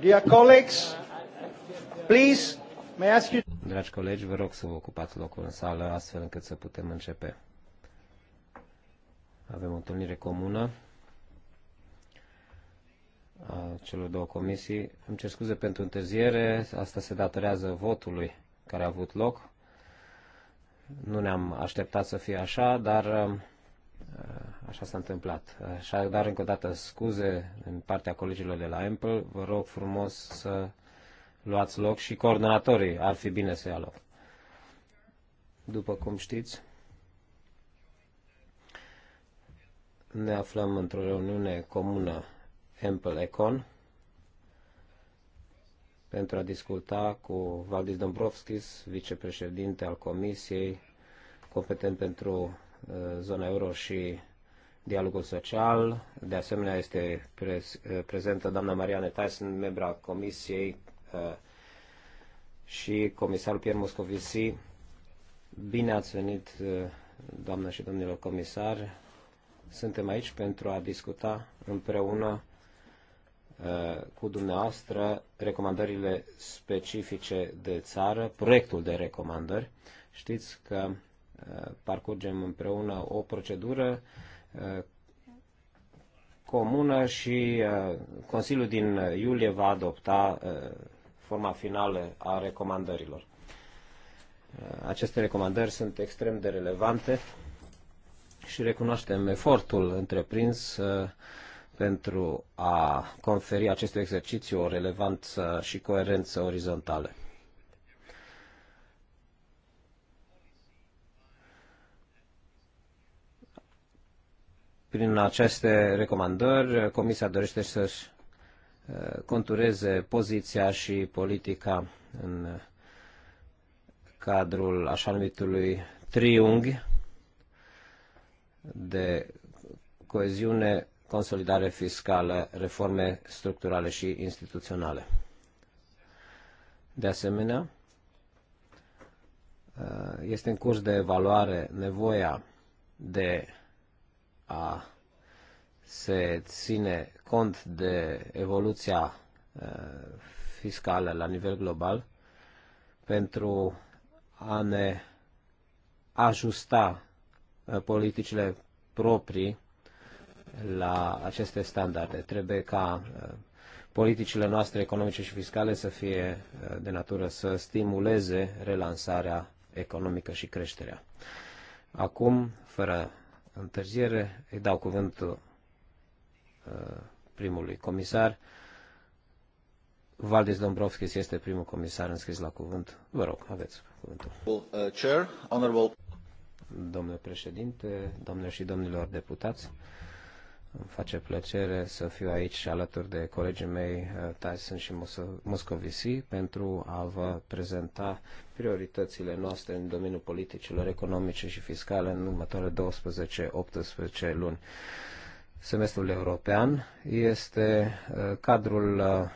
Dear colleagues, please, may I ask you... Dragi colegi, vă rog să vă ocupați locul în sală astfel încât să putem începe. Avem o întâlnire comună a celor două comisii. Îmi cer scuze pentru întârziere, asta se datorează votului care a avut loc. Nu ne-am așteptat să fie așa, dar um, Așa s-a întâmplat. Așa, dar încă o dată scuze în partea colegilor de la Empel. Vă rog frumos să luați loc și coordonatorii ar fi bine să ia loc. După cum știți, ne aflăm într-o reuniune comună Ample Econ pentru a discuta cu Valdis Dombrovskis, vicepreședinte al Comisiei competent pentru uh, zona euro și dialogul social. De asemenea, este prez, eh, prezentă doamna Marianne Tyson, membra Comisiei eh, și comisarul Pierre Moscovici. Bine ați venit, eh, doamnă și domnilor comisari. Suntem aici pentru a discuta împreună cu dumneavoastră recomandările specifice de țară, proiectul de recomandări. Știți că parcurgem împreună o procedură uh, Uh, comună și uh, Consiliul din iulie va adopta uh, forma finală a recomandărilor. Aceste recomandări sunt extrem de relevante și recunoaștem efortul întreprins pentru a conferi acestui exercițiu o relevanță și coerență orizontală. Prin aceste recomandări, Comisia dorește să-și uh, contureze poziția și politica în uh, cadrul așa numitului triunghi de coeziune, consolidare fiscală, reforme structurale și instituționale. De asemenea, uh, este în curs de evaluare nevoia de a se ține cont de evoluția fiscală la nivel global pentru a ne ajusta politicile proprii la aceste standarde. Trebuie ca politicile noastre economice și fiscale să fie de natură să stimuleze relansarea economică și creșterea. Acum, fără întârziere. Îi dau cuvântul uh, primului comisar. Valdis Dombrovskis este primul comisar înscris la cuvânt. Vă rog, aveți cuvântul. Uh, Chair, honorable... Domnule președinte, domnilor și domnilor deputați, îmi face plăcere să fiu aici alături de colegii mei uh, Tyson și Moscovici pentru a vă prezenta prioritățile noastre în domeniul politicilor economice și fiscale în următoarele 12-18 luni. Semestrul european este uh, cadrul uh,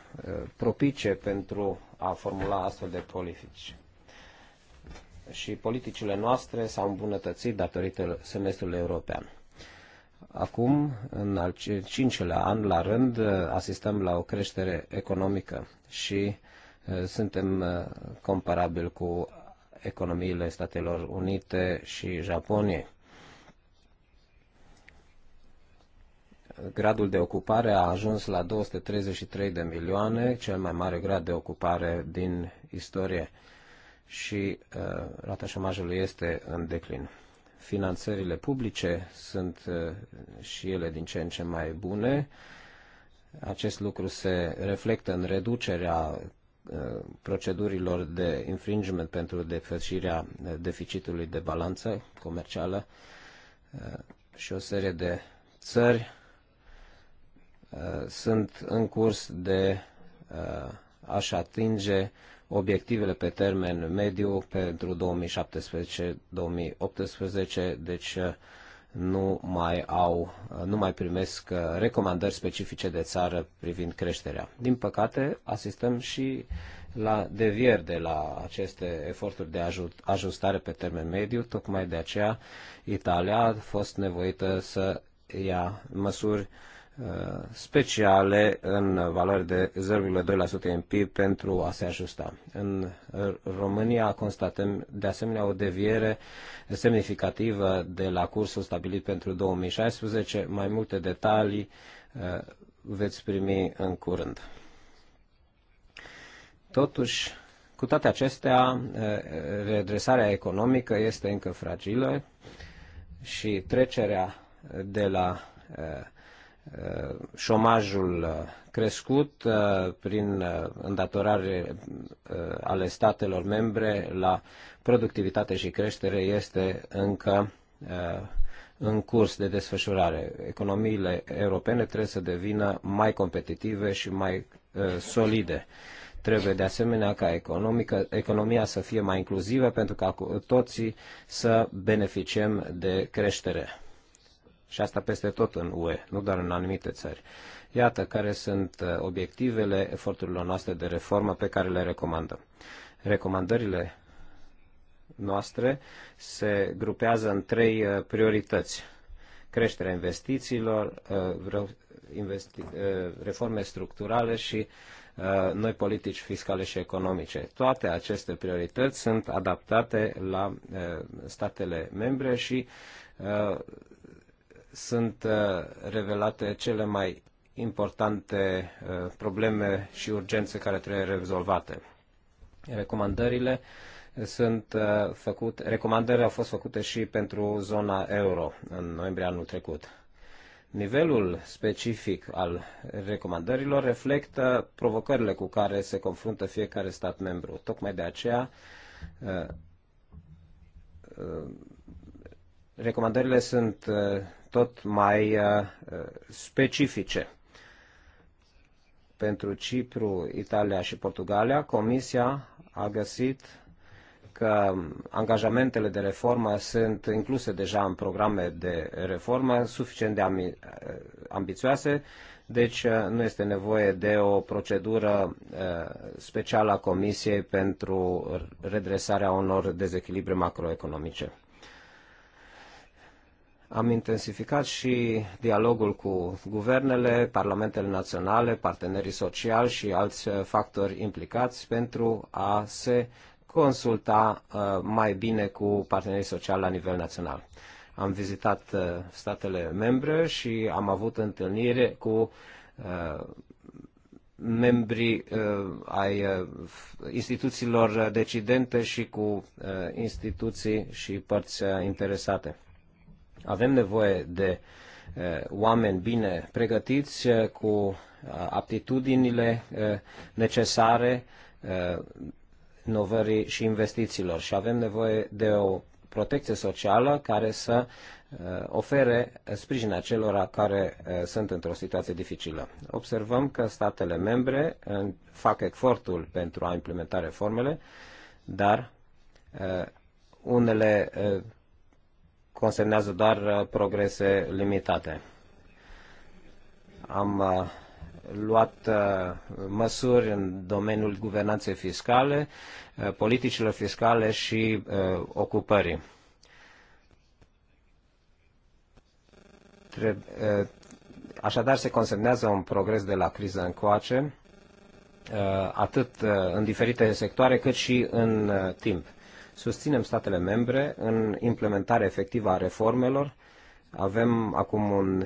propice pentru a formula astfel de politici și politicile noastre s-au îmbunătățit datorită semestrului european. Acum, în al cincilea an la rând, asistăm la o creștere economică și uh, suntem uh, comparabili cu economiile Statelor Unite și Japoniei. Gradul de ocupare a ajuns la 233 de milioane, cel mai mare grad de ocupare din istorie și uh, rata șomajului este în declin finanțările publice sunt uh, și ele din ce în ce mai bune. Acest lucru se reflectă în reducerea uh, procedurilor de infringement pentru defășirea uh, deficitului de balanță comercială și o serie de țări sunt în curs de a-și atinge obiectivele pe termen mediu pentru 2017-2018, deci uh, nu mai, au, uh, nu mai primesc uh, recomandări specifice de țară privind creșterea. Din păcate, asistăm și la devieri de la aceste eforturi de ajustare pe termen mediu, tocmai de aceea Italia a fost nevoită să ia măsuri uh, speciale în valoare de 0,2% în PIB pentru a se ajusta. În România constatăm de asemenea o deviere semnificativă de la cursul stabilit pentru 2016. Mai multe detalii uh, veți primi în curând. Totuși, cu toate acestea, uh, redresarea economică este încă fragilă și trecerea de la uh, șomajul uh, crescut uh, prin uh, îndatorare ale statelor membre la productivitate și creștere este încă în curs de desfășurare. Economiile europene trebuie să devină mai competitive și mai solide. Trebuie de asemenea ca economică, economia să fie mai inclusivă pentru ca toții să beneficiem de creștere și asta peste tot în UE, nu doar în anumite țări. Iată care sunt uh, obiectivele eforturilor noastre de reformă pe care le recomandăm. Recomandările noastre se grupează în trei uh, priorități. Creșterea investițiilor, uh, reforme structurale și noi politici fiscale și economice. Toate aceste priorități sunt adaptate la statele membre și sunt uh, revelate cele mai importante uh, probleme și urgențe care trebuie rezolvate. Recomandările sunt uh, făcute, recomandările au fost făcute și pentru zona euro în noiembrie anul trecut. Nivelul specific al recomandărilor reflectă provocările cu care se confruntă fiecare stat membru. Tocmai de aceea, recomandările sunt tot mai uh, uh, specifice. Pentru Cipru, Italia și Portugalia, Comisia a găsit că angajamentele de reformă sunt incluse deja în programe de reformă suficient de uh, ambițioase, deci nu este nevoie de o procedură specială a Comisiei pentru redresarea unor dezechilibre macroeconomice. Am intensificat și dialogul cu guvernele, parlamentele naționale, partenerii sociali și alți uh, factori implicați pentru a se consulta uh, mai bine cu partenerii sociali la nivel național. Am vizitat uh, statele membre și am avut întâlnire cu membrii ai instituțiilor decidente și cu instituții și părți interesate. Avem nevoie de eh, oameni bine pregătiți, eh, cu eh, aptitudinile necesare inovării și investițiilor și avem nevoie de o protecție socială care să ofere sprijin acelora care sunt într-o situație dificilă. Observăm că statele membre fac efortul pentru a implementa reformele, dar unele consemnează doar uh, progrese limitate. Am uh, luat uh, măsuri în domeniul guvernanței fiscale, politicilor fiscale și ocupării. Așadar, se consemnează un progres de la criză încoace, atât în diferite sectoare, cât și în timp susținem statele membre în implementarea efectivă a reformelor. Avem acum un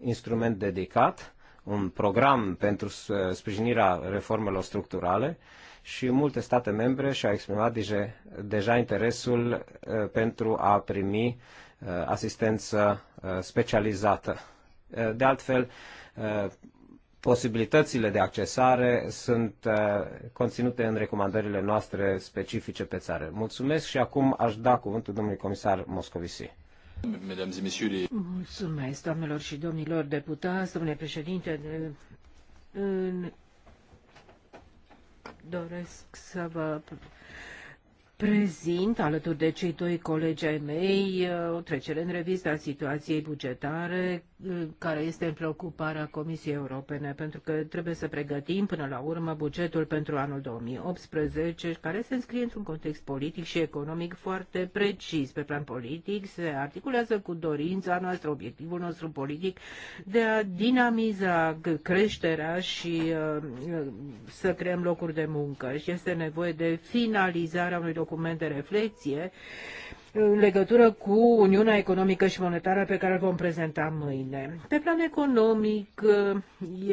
instrument dedicat, un program pentru sprijinirea reformelor structurale și multe state membre și-au exprimat deja interesul uh, pentru a primi uh, asistență uh, specializată. De altfel, posibilitățile de accesare sunt uh, conținute în recomandările noastre specifice pe țară. Mulțumesc și acum aș da cuvântul domnului comisar Moscovici. Mulțumesc, doamnelor și domnilor deputați, domnule președinte. În... Doresc să vă prezint alături de cei doi colegi ai mei uh, o trecere în revistă a situației bugetare uh, care este în preocuparea Comisiei Europene pentru că trebuie să pregătim până la urmă bugetul pentru anul 2018 care se înscrie într-un context politic și economic foarte precis pe plan politic, se articulează cu dorința noastră, obiectivul nostru politic de a dinamiza creșterea și uh, să creăm locuri de muncă și este nevoie de finalizarea unui document de reflexie în legătură cu Uniunea Economică și Monetară pe care o vom prezenta mâine. Pe plan economic eh,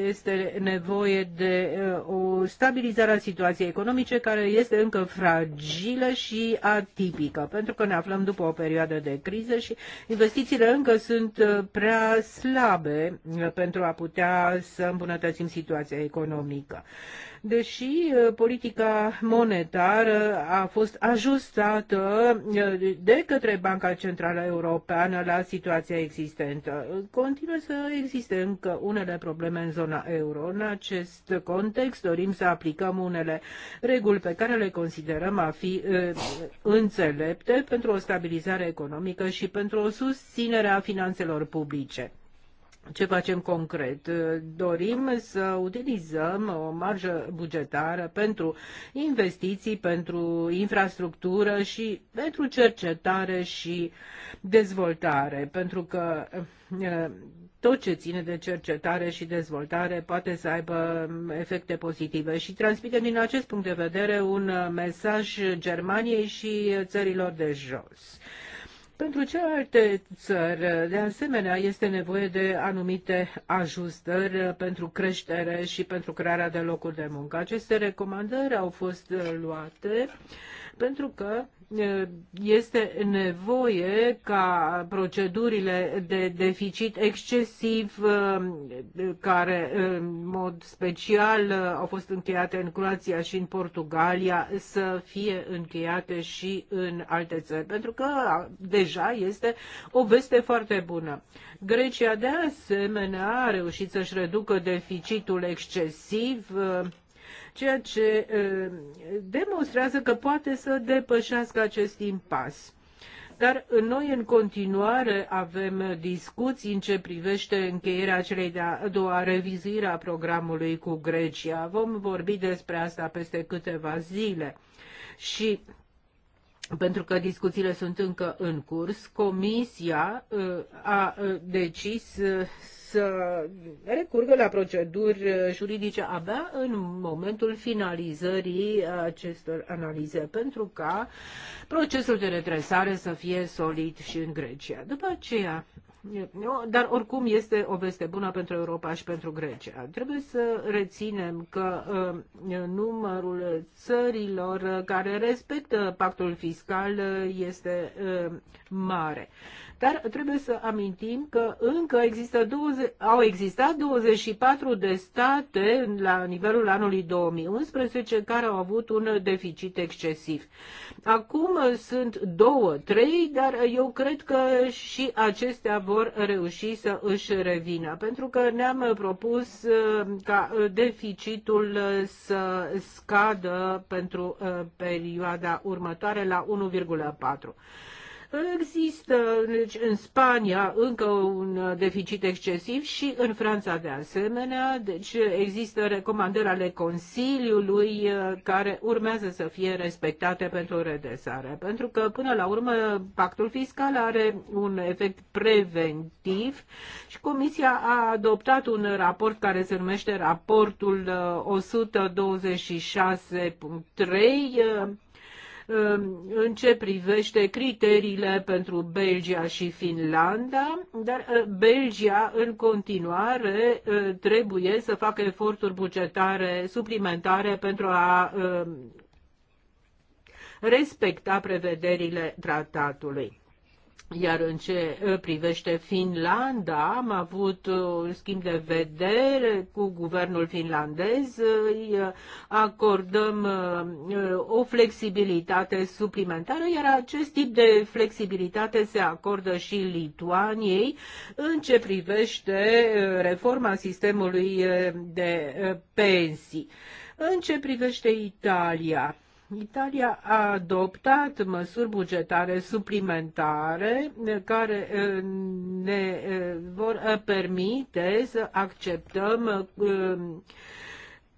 este nevoie de eh, o stabilizare a situației economice care este încă fragilă și atipică, pentru că ne aflăm după o perioadă de criză și investițiile încă sunt eh, prea slabe pentru a putea să îmbunătățim situația economică. Deși politica monetară a fost ajustată de către Banca Centrală Europeană la situația existentă. Continuă să existe încă unele probleme în zona euro. În acest context dorim să aplicăm unele reguli pe care le considerăm a fi uh, înțelepte pentru o stabilizare economică și pentru o susținere a finanțelor publice. Ce facem concret? Dorim să utilizăm o marjă bugetară pentru investiții, pentru infrastructură și pentru cercetare și dezvoltare, pentru că tot ce ține de cercetare și dezvoltare poate să aibă efecte pozitive și transmitem din acest punct de vedere un mesaj Germaniei și țărilor de jos pentru celelalte țări, de asemenea, este nevoie de anumite ajustări pentru creștere și pentru crearea de locuri de muncă. Aceste recomandări au fost luate pentru că este nevoie ca procedurile de deficit excesiv, care în mod special au fost încheiate în Croația și în Portugalia, să fie încheiate și în alte țări, pentru că deja este o veste foarte bună. Grecia, de asemenea, a reușit să-și reducă deficitul excesiv ceea ce demonstrează că poate să depășească acest impas. Dar noi în continuare avem discuții în ce privește încheierea celei de-a doua revizuire a programului cu Grecia. Vom vorbi despre asta peste câteva zile. Și pentru că discuțiile sunt încă în curs, Comisia uh, a uh, decis uh, să recurgă la proceduri juridice abia în momentul finalizării acestor analize, pentru ca procesul de redresare să fie solid și în Grecia. După aceea, dar oricum este o veste bună pentru Europa și pentru Grecia. Trebuie să reținem că uh, numărul țărilor care respectă pactul fiscal uh, este uh, mare. Dar trebuie să amintim că încă există 20, au existat 24 de state la nivelul anului 2011 care au avut un deficit excesiv. Acum sunt două, trei, dar eu cred că și acestea vor reuși să își revină, pentru că ne-am propus uh, ca deficitul uh, să scadă pentru uh, perioada următoare la 1,4. Există deci, în Spania încă un deficit excesiv și în Franța de asemenea, deci există recomandări ale Consiliului uh, care urmează să fie respectate pentru redesare. pentru că până la urmă pactul fiscal are un efect preventiv și Comisia a adoptat un raport care se numește raportul 126.3 uh, în ce privește criteriile pentru Belgia și Finlanda, dar uh, Belgia în continuare uh, trebuie să facă eforturi bugetare suplimentare pentru a uh, respecta prevederile tratatului. Iar în ce eh, privește Finlanda, am avut eh, un schimb de vedere cu guvernul finlandez. Îi eh, acordăm o flexibilitate suplimentară, iar acest tip de flexibilitate se acordă și Lituaniei în ce privește reforma sistemului de pensii. În ce privește Italia, Italia a adoptat măsuri bugetare suplimentare care ne vor permite să acceptăm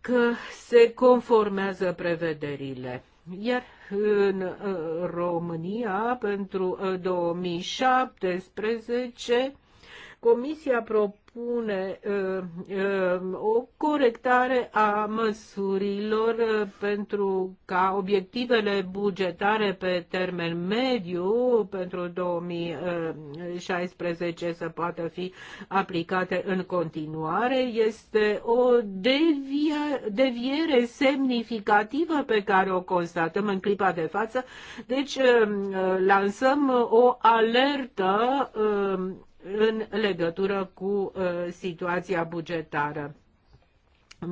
că se conformează prevederile. Iar în România, pentru 2017, Comisia propune presupune uh, uh, o corectare a măsurilor uh, pentru ca obiectivele bugetare pe termen mediu pentru 2016 să poată fi aplicate în continuare. Este o devia, deviere semnificativă pe care o constatăm în clipa de față. Deci lansăm o alertă în legătură cu uh, situația bugetară.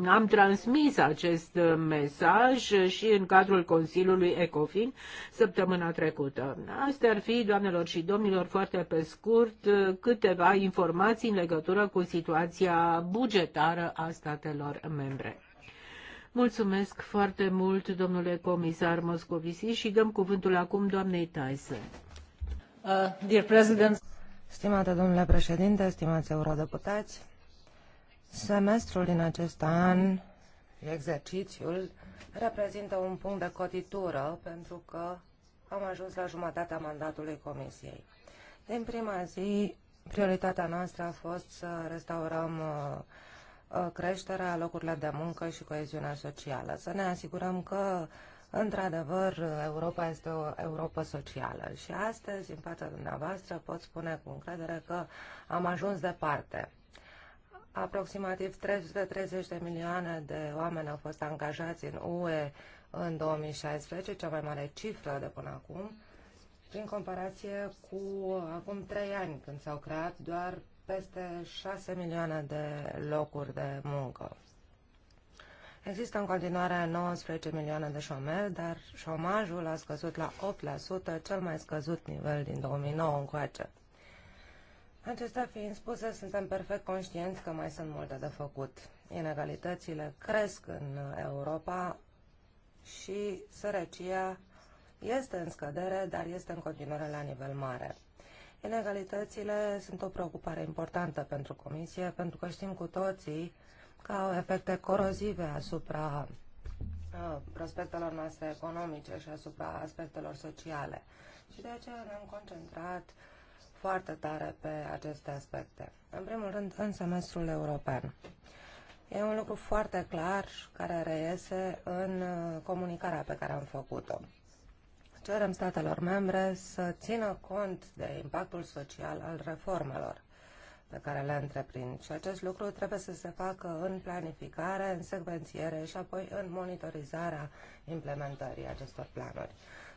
Am transmis acest uh, mesaj și în cadrul Consiliului ECOFIN săptămâna trecută. Astea ar fi, doamnelor și domnilor, foarte pe scurt, uh, câteva informații în legătură cu situația bugetară a statelor membre. Mulțumesc foarte mult, domnule comisar Moscovici, și dăm cuvântul acum doamnei Tyson. Uh, dear President, Stimate domnule președinte, stimați eurodeputați, semestrul din acest an, exercițiul, reprezintă un punct de cotitură pentru că am ajuns la jumătatea mandatului Comisiei. Din prima zi, prioritatea noastră a fost să restaurăm uh, creșterea, locurilor de muncă și coeziunea socială, să ne asigurăm că Într-adevăr, Europa este o Europa socială și astăzi, în fața dumneavoastră, pot spune cu încredere că am ajuns departe. Aproximativ 330 de milioane de oameni au fost angajați în UE în 2016, cea mai mare cifră de până acum, prin comparație cu acum 3 ani, când s-au creat doar peste 6 milioane de locuri de muncă. Există în continuare 19 milioane de șomeri, dar șomajul a scăzut la 8%, cel mai scăzut nivel din 2009 încoace. Acestea fiind spuse, suntem perfect conștienți că mai sunt multe de făcut. Inegalitățile cresc în Europa și sărăcia este în scădere, dar este în continuare la nivel mare. Inegalitățile sunt o preocupare importantă pentru Comisie, pentru că știm cu toții că au efecte corozive asupra uh, prospectelor noastre economice și asupra aspectelor sociale. Și de aceea ne-am concentrat foarte tare pe aceste aspecte. În primul rând, în semestrul european. E un lucru foarte clar care reiese în uh, comunicarea pe care am făcut-o. Cerem statelor membre să țină cont de impactul social al reformelor pe care le întreprind. Și acest lucru trebuie să se facă în planificare, în secvențiere și apoi în monitorizarea implementării acestor planuri.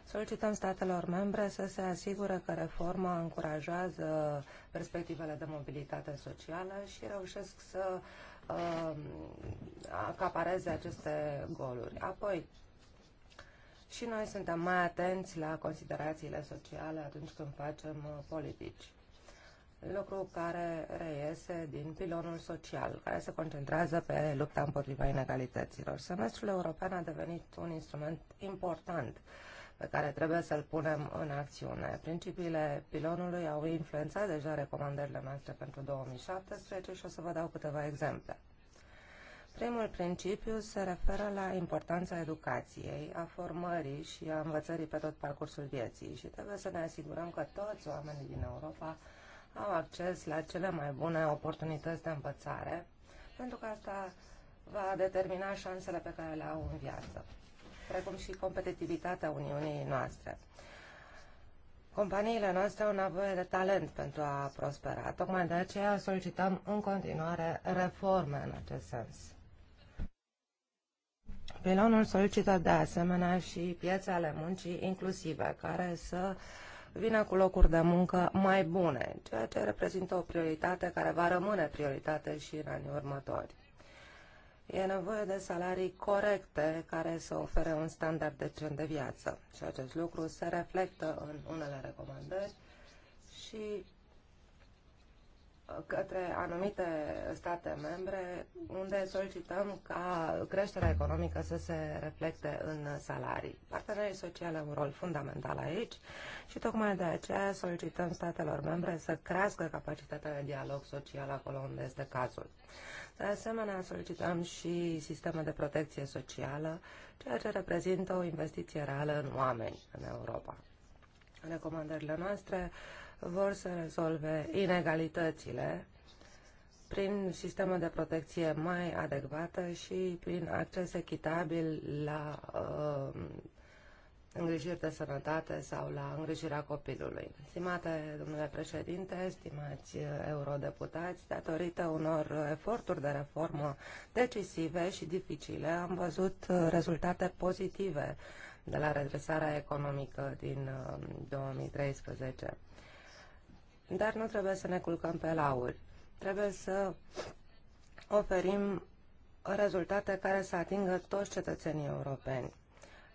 Solicităm statelor membre să se asigure că reforma încurajează perspectivele de mobilitate socială și reușesc să uh, acapareze aceste goluri. Apoi, și noi suntem mai atenți la considerațiile sociale atunci când facem uh, politici lucru care reiese din pilonul social, care se concentrează pe lupta împotriva inegalităților. Semestrul european a devenit un instrument important pe care trebuie să-l punem în acțiune. Principiile pilonului au influențat deja recomandările noastre pentru 2017 și o să vă dau câteva exemple. Primul principiu se referă la importanța educației, a formării și a învățării pe tot parcursul vieții și trebuie să ne asigurăm că toți oamenii din Europa au acces la cele mai bune oportunități de învățare, pentru că asta va determina șansele pe care le au în viață, precum și competitivitatea Uniunii noastre. Companiile noastre au nevoie de talent pentru a prospera. Tocmai de aceea solicităm în continuare reforme în acest sens. Pilonul solicită de asemenea și piețele ale muncii inclusive, care să uh, vină cu locuri de muncă mai bune, ceea ce reprezintă o prioritate care va rămâne prioritate și în anii următori. E nevoie de salarii corecte care să ofere un standard decent de viață și acest lucru se reflectă în unele recomandări și către anumite state membre unde solicităm ca creșterea economică să se reflecte în salarii. Partenerii sociale au un rol fundamental aici și tocmai de aceea solicităm statelor membre să crească capacitatea de dialog social acolo unde este cazul. De asemenea, solicităm și sisteme de protecție socială, ceea ce reprezintă o investiție reală în oameni în Europa. Recomandările noastre vor să rezolve inegalitățile prin sisteme de protecție mai adecvate și prin acces echitabil la uh, îngrijiri de sănătate sau la îngrijirea copilului. Stimate domnule președinte, stimați uh, eurodeputați, datorită unor eforturi de reformă decisive și dificile, am văzut uh, rezultate pozitive de la redresarea economică din 2013. Uh, dar nu trebuie să ne culcăm pe lauri. Trebuie să oferim rezultate care să atingă toți cetățenii europeni.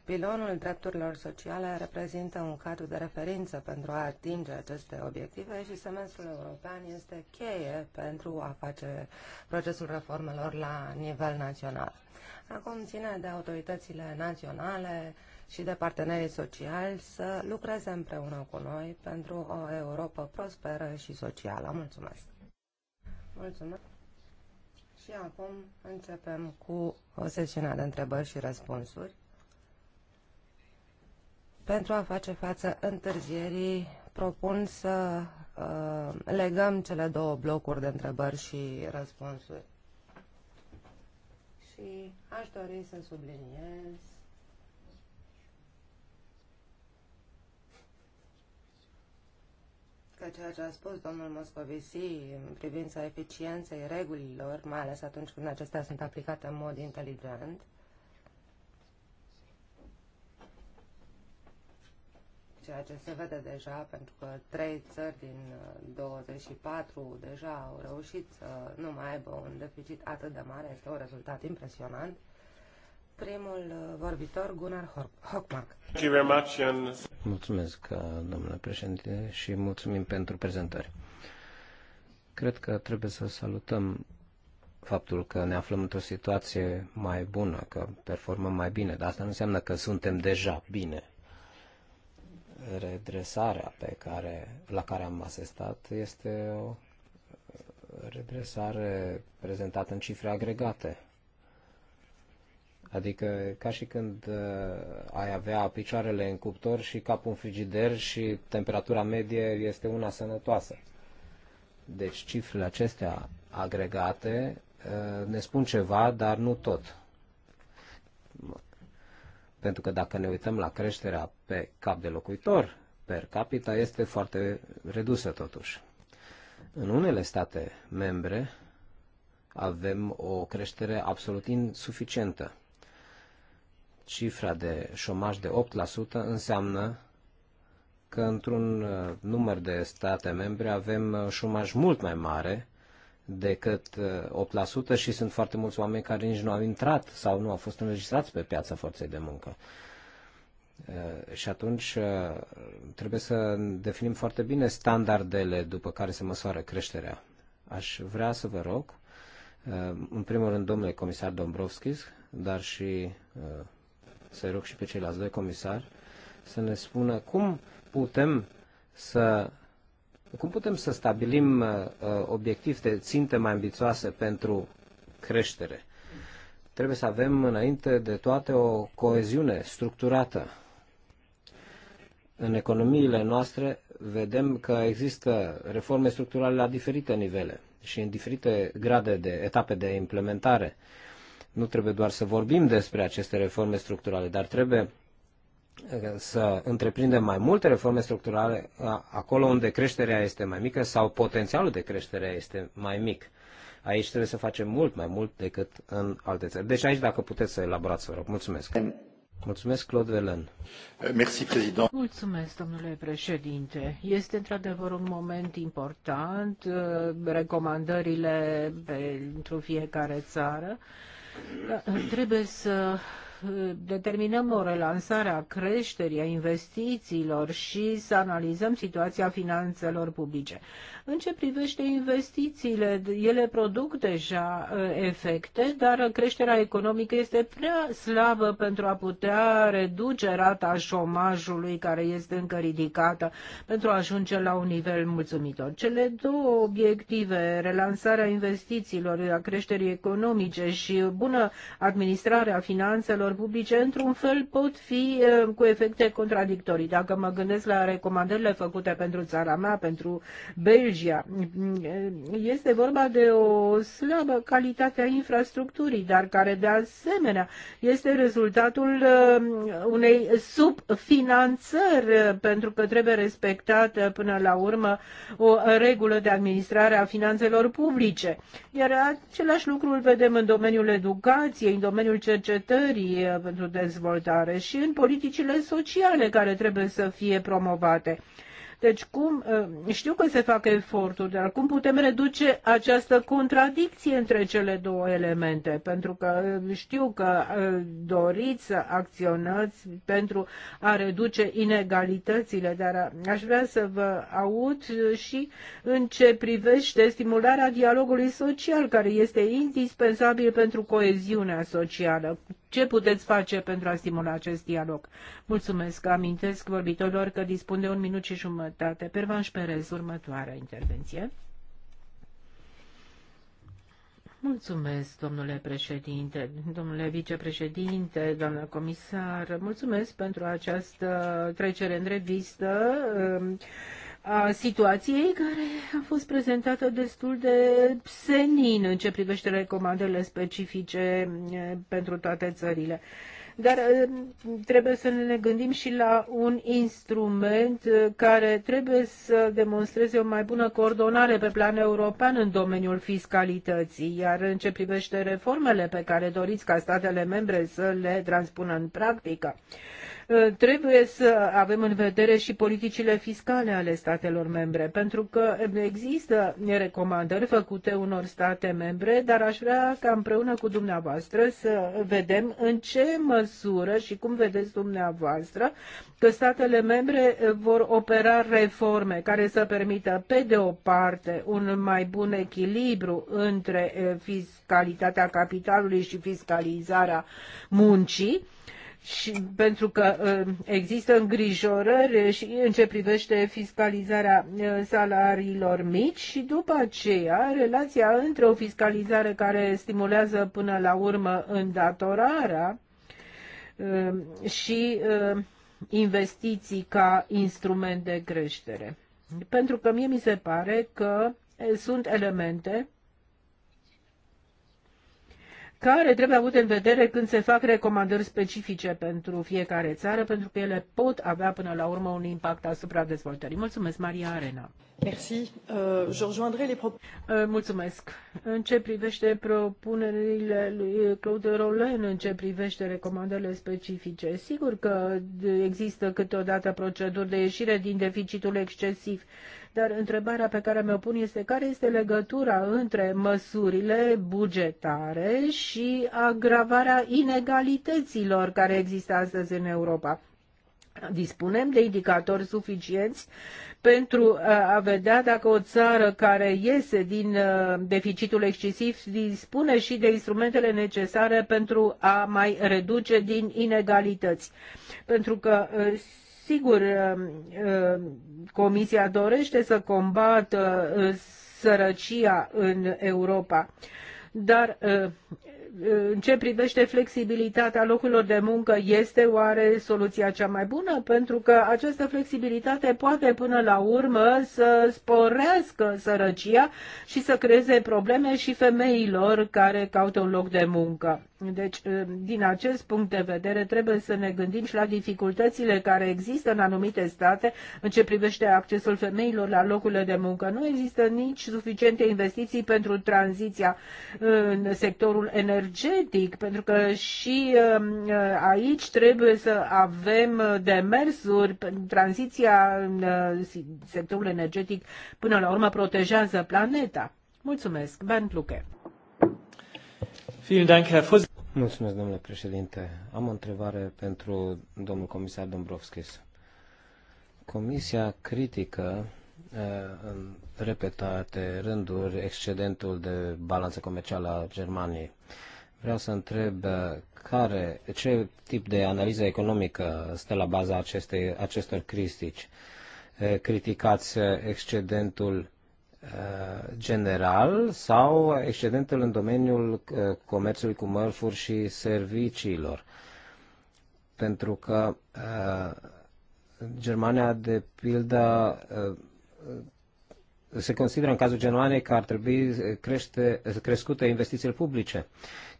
Pilonul drepturilor sociale reprezintă un cadru de referință pentru a atinge aceste obiective și semestrul european este cheie pentru a face procesul reformelor la nivel național. Acum ține de autoritățile naționale, și de partenerii sociali să lucreze împreună cu noi pentru o Europa prosperă și socială. Mulțumesc! Mulțumesc! Și acum începem cu o sesiune de întrebări și răspunsuri pentru a face față întârzierii, propun să uh, legăm cele două blocuri de întrebări și răspunsuri. Și aș dori să subliniez că ceea ce a spus domnul Moscovici în privința eficienței regulilor, mai ales atunci când acestea sunt aplicate în mod inteligent, ceea ce se vede deja, pentru că trei țări din 24 uh, deja au reușit să nu mai aibă un deficit atât de mare, este un rezultat impresionant primul uh, vorbitor, Gunnar Hockmark. Mulțumesc, uh, domnule președinte, și mulțumim pentru prezentare. Cred că trebuie să salutăm faptul că ne aflăm într-o situație mai bună, că performăm mai bine, dar asta nu înseamnă că suntem deja bine. Redresarea pe care, la care am asistat este o redresare prezentată în cifre agregate. Adică ca și când uh, ai avea picioarele în cuptor și capul în frigider și temperatura medie este una sănătoasă. Deci cifrele acestea agregate uh, ne spun ceva, dar nu tot. Pentru că dacă ne uităm la creșterea pe cap de locuitor, per capita, este foarte redusă totuși. În unele state membre avem o creștere absolut insuficientă cifra de șomaj de 8% înseamnă că într-un uh, număr de state membre avem uh, șomaj mult mai mare decât 8% uh, și sunt foarte mulți oameni care nici nu au intrat sau nu au fost înregistrați pe piața forței de muncă. Și atunci trebuie să definim foarte bine standardele după care se măsoară creșterea. Aș vrea să vă rog, în primul rând, domnule comisar Dombrovskis, dar și să rog și pe ceilalți doi comisari, să ne spună cum putem să cum putem să stabilim uh, de ținte mai ambițioase pentru creștere? Trebuie să avem înainte de toate o coeziune structurată. În economiile noastre vedem că există reforme structurale la diferite nivele și în diferite grade de etape de implementare. Uh, nu trebuie doar să vorbim despre aceste reforme structurale, dar trebuie uh, să întreprindem mai multe reforme structurale uh, acolo unde creșterea este mai mică sau potențialul de creștere este mai mic. Aici trebuie să facem mult mai mult decât în alte țări. Deci aici, dacă puteți să elaborați, vă rog. Mulțumesc. Mulțumesc, Claude Velen. Eh, Mulțumesc, domnule președinte. Este într-adevăr un moment important, eh, recomandările pentru fiecare țară Trebuie să determinăm o relansare a creșterii, a investițiilor și să analizăm situația finanțelor publice. În ce privește investițiile, ele produc deja uh, efecte, dar creșterea economică este prea slabă pentru a putea reduce rata șomajului care este încă ridicată pentru a ajunge la un nivel mulțumitor. Cele două obiective, relansarea investițiilor, a creșterii economice și bună administrare a finanțelor finanțelor publice, într-un fel, pot fi cu efecte contradictorii. Dacă mă gândesc la recomandările făcute pentru țara mea, pentru Belgia, este vorba de o slabă calitate a infrastructurii, dar care, de asemenea, este rezultatul unei subfinanțări, pentru că trebuie respectată, până la urmă, o regulă de administrare a finanțelor publice. Iar același lucru îl vedem în domeniul educației, în domeniul cercetării, Uh, pentru dezvoltare și în politicile sociale care trebuie să fie promovate. Deci cum, uh, știu că se fac eforturi, dar cum putem reduce această contradicție între cele două elemente? Pentru că uh, știu că doriți să acționați pentru a reduce inegalitățile, dar aș vrea să vă aud și în ce privește stimularea dialogului social, care este indispensabil pentru coeziunea socială ce puteți face pentru a stimula acest dialog? Mulțumesc. Amintesc vorbitorilor că dispun de un minut și jumătate. Pervanș Perez, următoarea intervenție. Mulțumesc, domnule președinte, domnule vicepreședinte, doamnă comisar. Mulțumesc pentru această trecere în revistă a situației care a fost prezentată destul de senin în ce privește recomandările specifice pentru toate țările. Dar trebuie să ne gândim și la un instrument care trebuie să demonstreze o mai bună coordonare pe plan european în domeniul fiscalității, iar în ce privește reformele pe care doriți ca statele membre să le transpună în practică Uh, trebuie să avem în vedere și politicile fiscale ale statelor membre, pentru că există recomandări făcute unor state membre, dar aș vrea ca împreună cu dumneavoastră să vedem în ce măsură și cum vedeți dumneavoastră că statele membre vor opera reforme care să permită, pe de o parte, un mai bun echilibru între eh, fiscalitatea capitalului și fiscalizarea muncii, și pentru că uh, există îngrijorări și în ce privește fiscalizarea uh, salariilor mici și după aceea relația între o fiscalizare care stimulează până la urmă îndatorarea uh, și investiții ca instrument de creștere. Pentru că mie mi se pare că sunt elemente care trebuie avut în vedere când se fac recomandări specifice pentru fiecare țară, pentru că ele pot avea până la urmă un impact asupra dezvoltării. Mulțumesc, Maria Arena. Merci. Uh, je les prop- uh, mulțumesc. În ce privește propunerile lui Claude Rolen, în ce privește recomandările specifice, sigur că există câteodată proceduri de ieșire din deficitul excesiv dar întrebarea pe care mi-o pun este care este legătura între măsurile bugetare și agravarea inegalităților care există astăzi în Europa. Dispunem de indicatori suficienți pentru uh, a vedea dacă o țară care iese din uh, deficitul excesiv dispune și de instrumentele necesare pentru a mai reduce din inegalități. Pentru că uh, Sigur, uh, uh, Comisia dorește să combată uh, sărăcia în Europa, dar în ce privește flexibilitatea locurilor de muncă, este oare soluția cea mai bună? Pentru că această flexibilitate poate până la urmă să sporească sărăcia și să creeze probleme și femeilor care caută un loc de muncă. Deci, ă, din acest punct de vedere, trebuie să ne gândim și la dificultățile care există în anumite state în ce privește accesul femeilor la locurile de muncă. Nu există nici suficiente investiții pentru tranziția ă, în sectorul energetic, pentru că și ă, aici trebuie să avem demersuri. Tranziția în sectorul energetic, până la urmă, protejează planeta. Mulțumesc. Bernd Lucke. Vielen Dank, Herr Fuss. Mulțumesc, domnule președinte. Am o întrebare pentru domnul comisar Dombrovskis. Comisia critică uh, în repetate rânduri excedentul de balanță comercială a Germaniei. Vreau să întreb uh, care, ce tip de analiză economică stă la baza acestei, acestor critici? Uh, criticați excedentul Uh, general sau excedentul în domeniul uh, comerțului cu mărfuri și serviciilor. Pentru că uh, Germania, de pildă, se consideră în cazul Germaniei că ar trebui crește, crescute investițiile publice.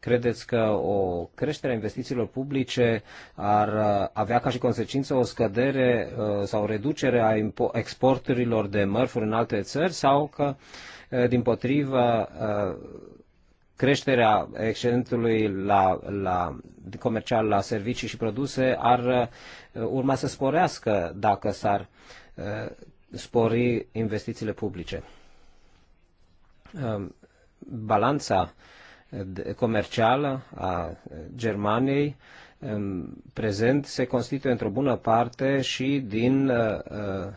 Credeți că o creștere a investițiilor publice ar uh, avea ca și consecință o scădere uh, sau o reducere a exporturilor de mărfuri în alte țări sau că, uh, din potrivă, creșterea excedentului la, la comercial la servicii și produse ar urma să sporească dacă s-ar spori investițiile publice. Um, balanța comercială a Germaniei în prezent se constituie într-o bună parte și din uh, uh,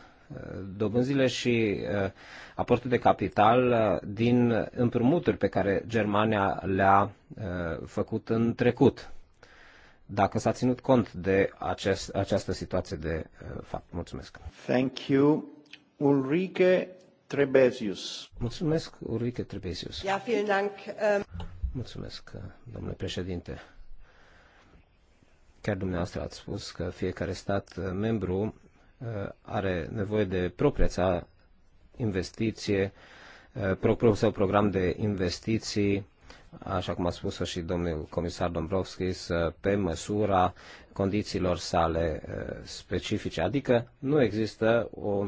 dobânzile și uh, aportul de capital din împrumuturi pe care Germania le-a făcut în trecut. Dacă s-a ținut cont de acest, această situație de fapt. Mulțumesc. Thank you. Ulrike Trebesius. Mulțumesc, Ulrike Trebesius. Ja, vielen Dank. Um... Mulțumesc, domnule președinte. Chiar dumneavoastră ați spus că fiecare stat membru uh, are nevoie de propria sa investiție, uh, propriul său program de investiții, așa cum a spus și domnul comisar Dombrovskis, uh, pe măsura condițiilor sale specifice. Adică nu există o,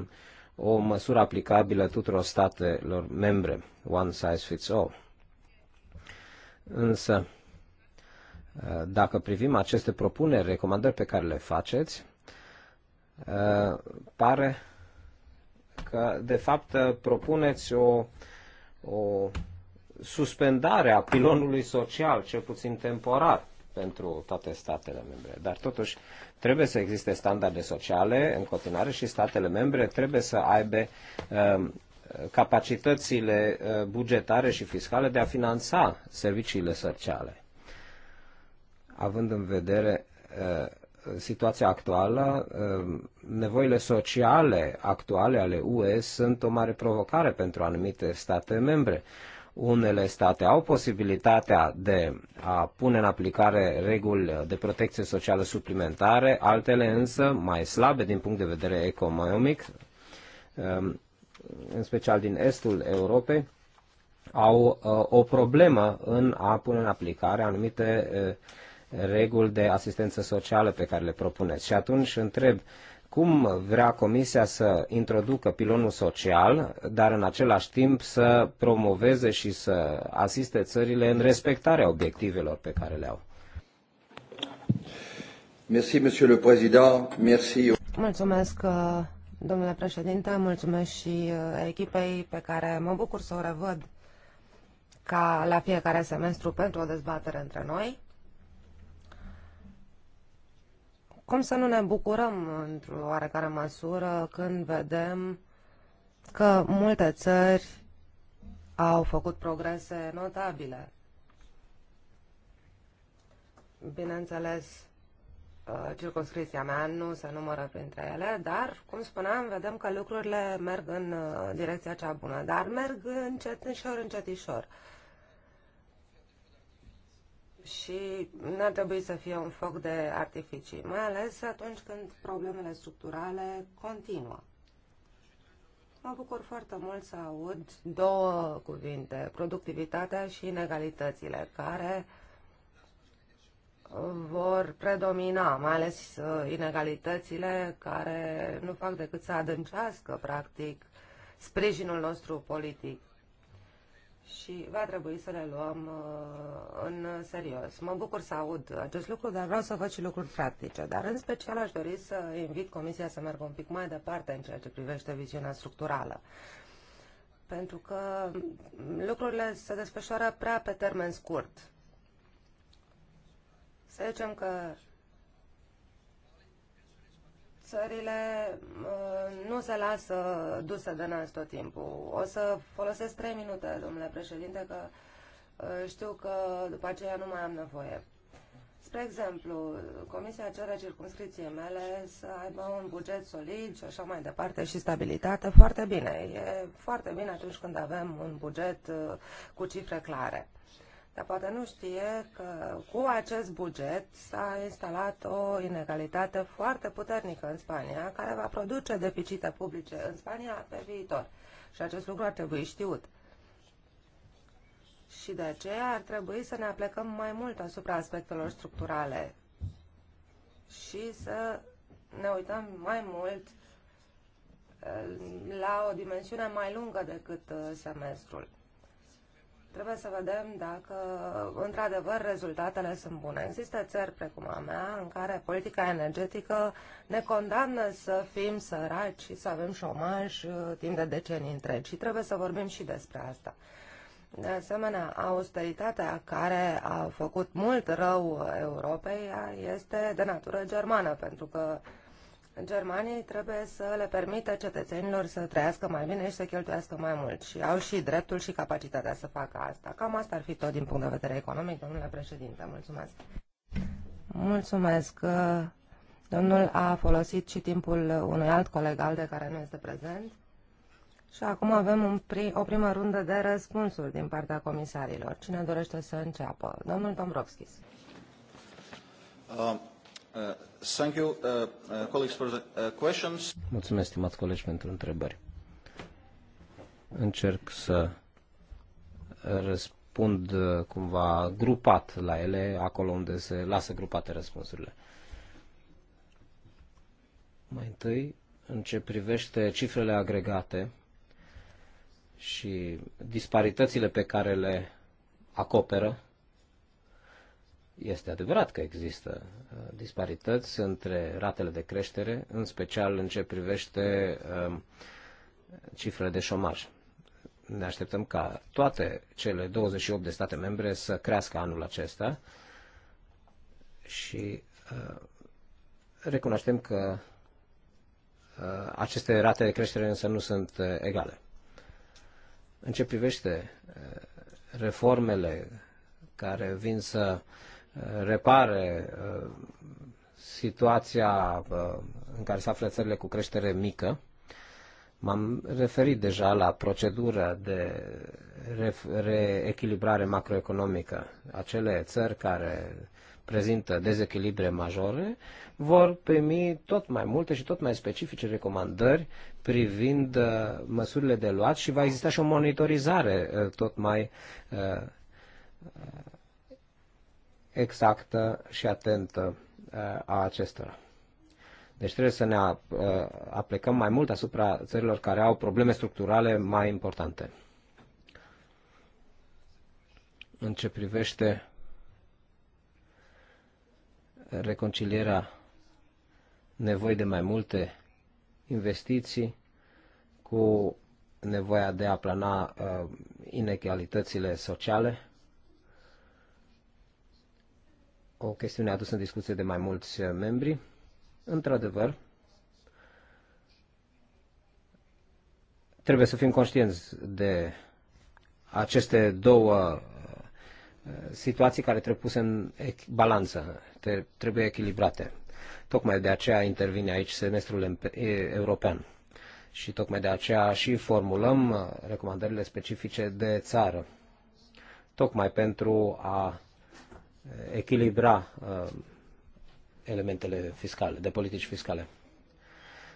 o măsură aplicabilă tuturor statelor membre, one size fits all. Însă, dacă privim aceste propuneri, recomandări pe care le faceți, pare că, de fapt, propuneți o, o suspendare a pilonului social, cel puțin temporar, pentru toate statele membre. Dar, totuși, trebuie să existe standarde sociale în continuare și statele membre trebuie să aibă um, capacitățile uh, bugetare și fiscale de a finanța serviciile sociale. Având în vedere uh, situația actuală, uh, nevoile sociale actuale ale UE sunt o mare provocare pentru anumite state membre. Unele state au posibilitatea de a pune în aplicare reguli de protecție socială suplimentare, altele însă mai slabe din punct de vedere economic, um, în special din estul Europei, au uh, o problemă în a pune în aplicare anumite uh, reguli de asistență socială pe care le propuneți. Și atunci întreb cum vrea Comisia să introducă pilonul social, dar în același timp să promoveze și să asiste țările în respectarea obiectivelor pe care le au. Merci, Monsieur le Président. Merci. Mulțumesc, uh, Domnule președinte, mulțumesc și uh, echipei pe care mă bucur să o revăd ca la fiecare semestru pentru o dezbatere între noi. Cum să nu ne bucurăm într-o oarecare măsură când vedem că multe țări au făcut progrese notabile? Bineînțeles, Uh, circunscripția mea nu se numără printre ele, dar, cum spuneam, vedem că lucrurile merg în uh, direcția cea bună, dar merg încet, înșor, încetișor. Și nu ar trebui să fie un foc de artificii, mai ales atunci când problemele structurale continuă. Mă bucur foarte mult să aud două cuvinte, productivitatea și inegalitățile, care vor predomina, mai ales uh, inegalitățile care nu fac decât să adâncească, practic, sprijinul nostru politic. Și va trebui să le luăm uh, în serios. Mă bucur să aud acest lucru, dar vreau să fac și lucruri practice. Dar în special aș dori să invit Comisia să meargă un pic mai departe în ceea ce privește viziunea structurală pentru că lucrurile se desfășoară prea pe termen scurt. Să zicem că țările uh, nu se lasă duse de nas tot timpul. O să folosesc trei minute, domnule președinte, că uh, știu că după aceea nu mai am nevoie. Spre exemplu, Comisia cere circunscripției mele să aibă un buget solid și așa mai departe și stabilitate. Foarte bine. E foarte bine atunci când avem un buget uh, cu cifre clare dar poate nu știe că cu acest buget s-a instalat o inegalitate foarte puternică în Spania, care va produce deficite publice în Spania pe viitor. Și acest lucru ar trebui știut. Și de aceea ar trebui să ne aplecăm mai mult asupra aspectelor structurale și să ne uităm mai mult uh, la o dimensiune mai lungă decât uh, semestrul. Trebuie să vedem dacă, într-adevăr, rezultatele sunt bune. Există țări precum a mea în care politica energetică ne condamnă să fim săraci și să avem șomaj uh, timp de decenii întregi. Și trebuie să vorbim și despre asta. De asemenea, austeritatea care a făcut mult rău Europei este de natură germană, pentru că Germania trebuie să le permită cetățenilor să trăiască mai bine și să cheltuiască mai mult. Și au și dreptul și capacitatea să facă asta. Cam asta ar fi tot din punct de vedere economic, domnule președinte. Mulțumesc. Mulțumesc. Domnul a folosit și timpul unui alt coleg al de care nu este prezent. Și acum avem un pri, o primă rundă de răspunsuri din partea comisarilor. Cine dorește să înceapă? Domnul Dombrovskis. Uh. Uh, thank you, uh, uh, colleagues, for the questions. Mulțumesc, stimați colegi, pentru întrebări. Încerc să răspund cumva grupat la ele, acolo unde se lasă grupate răspunsurile. Mai întâi, în ce privește cifrele agregate și disparitățile pe care le acoperă, este adevărat că există uh, disparități între ratele de creștere, în special în ce privește um, cifrele de șomaj. Ne așteptăm ca toate cele 28 de state membre să crească anul acesta și uh, recunoaștem că uh, aceste rate de creștere însă nu sunt egale. În ce privește reformele care vin să uh, repare uh, situația uh, în care se află țările cu creștere mică. M-am referit deja la procedura de reechilibrare macroeconomică. Acele țări care prezintă dezechilibre majore vor primi tot mai multe și tot mai specifice recomandări privind uh, măsurile de luat și va exista și o monitorizare tot mai exactă și atentă uh, a acestora. Deci trebuie să ne uh, aplicăm mai mult asupra țărilor care au probleme structurale mai importante. În ce privește reconcilierea nevoii de mai multe investiții cu nevoia de a plana uh, inegalitățile sociale, o chestiune adusă în discuție de mai mulți uh, membri. Într-adevăr, trebuie să fim conștienți de aceste două uh, situații care trebuie puse în balanță, trebuie echilibrate. Tocmai de aceea intervine aici semestrul european și tocmai de aceea și formulăm uh, recomandările specifice de țară, tocmai pentru a echilibra uh, elementele fiscale, de politici fiscale.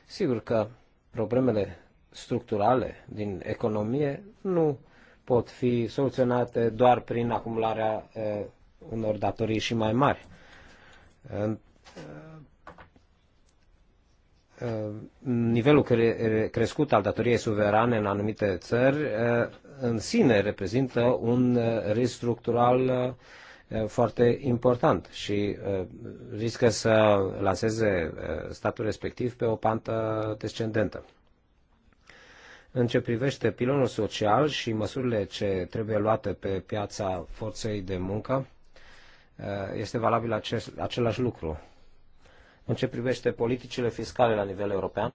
Sigur că problemele structurale din economie nu pot fi soluționate doar prin acumularea uh, unor datorii și mai mari. Uh, nivelul crescut al datoriei suverane în anumite țări în sine reprezintă un risc structural foarte important și riscă să lanseze statul respectiv pe o pantă descendentă. În ce privește pilonul social și măsurile ce trebuie luate pe piața forței de muncă, este valabil acest, același lucru. În ce privește politicile fiscale la nivel european,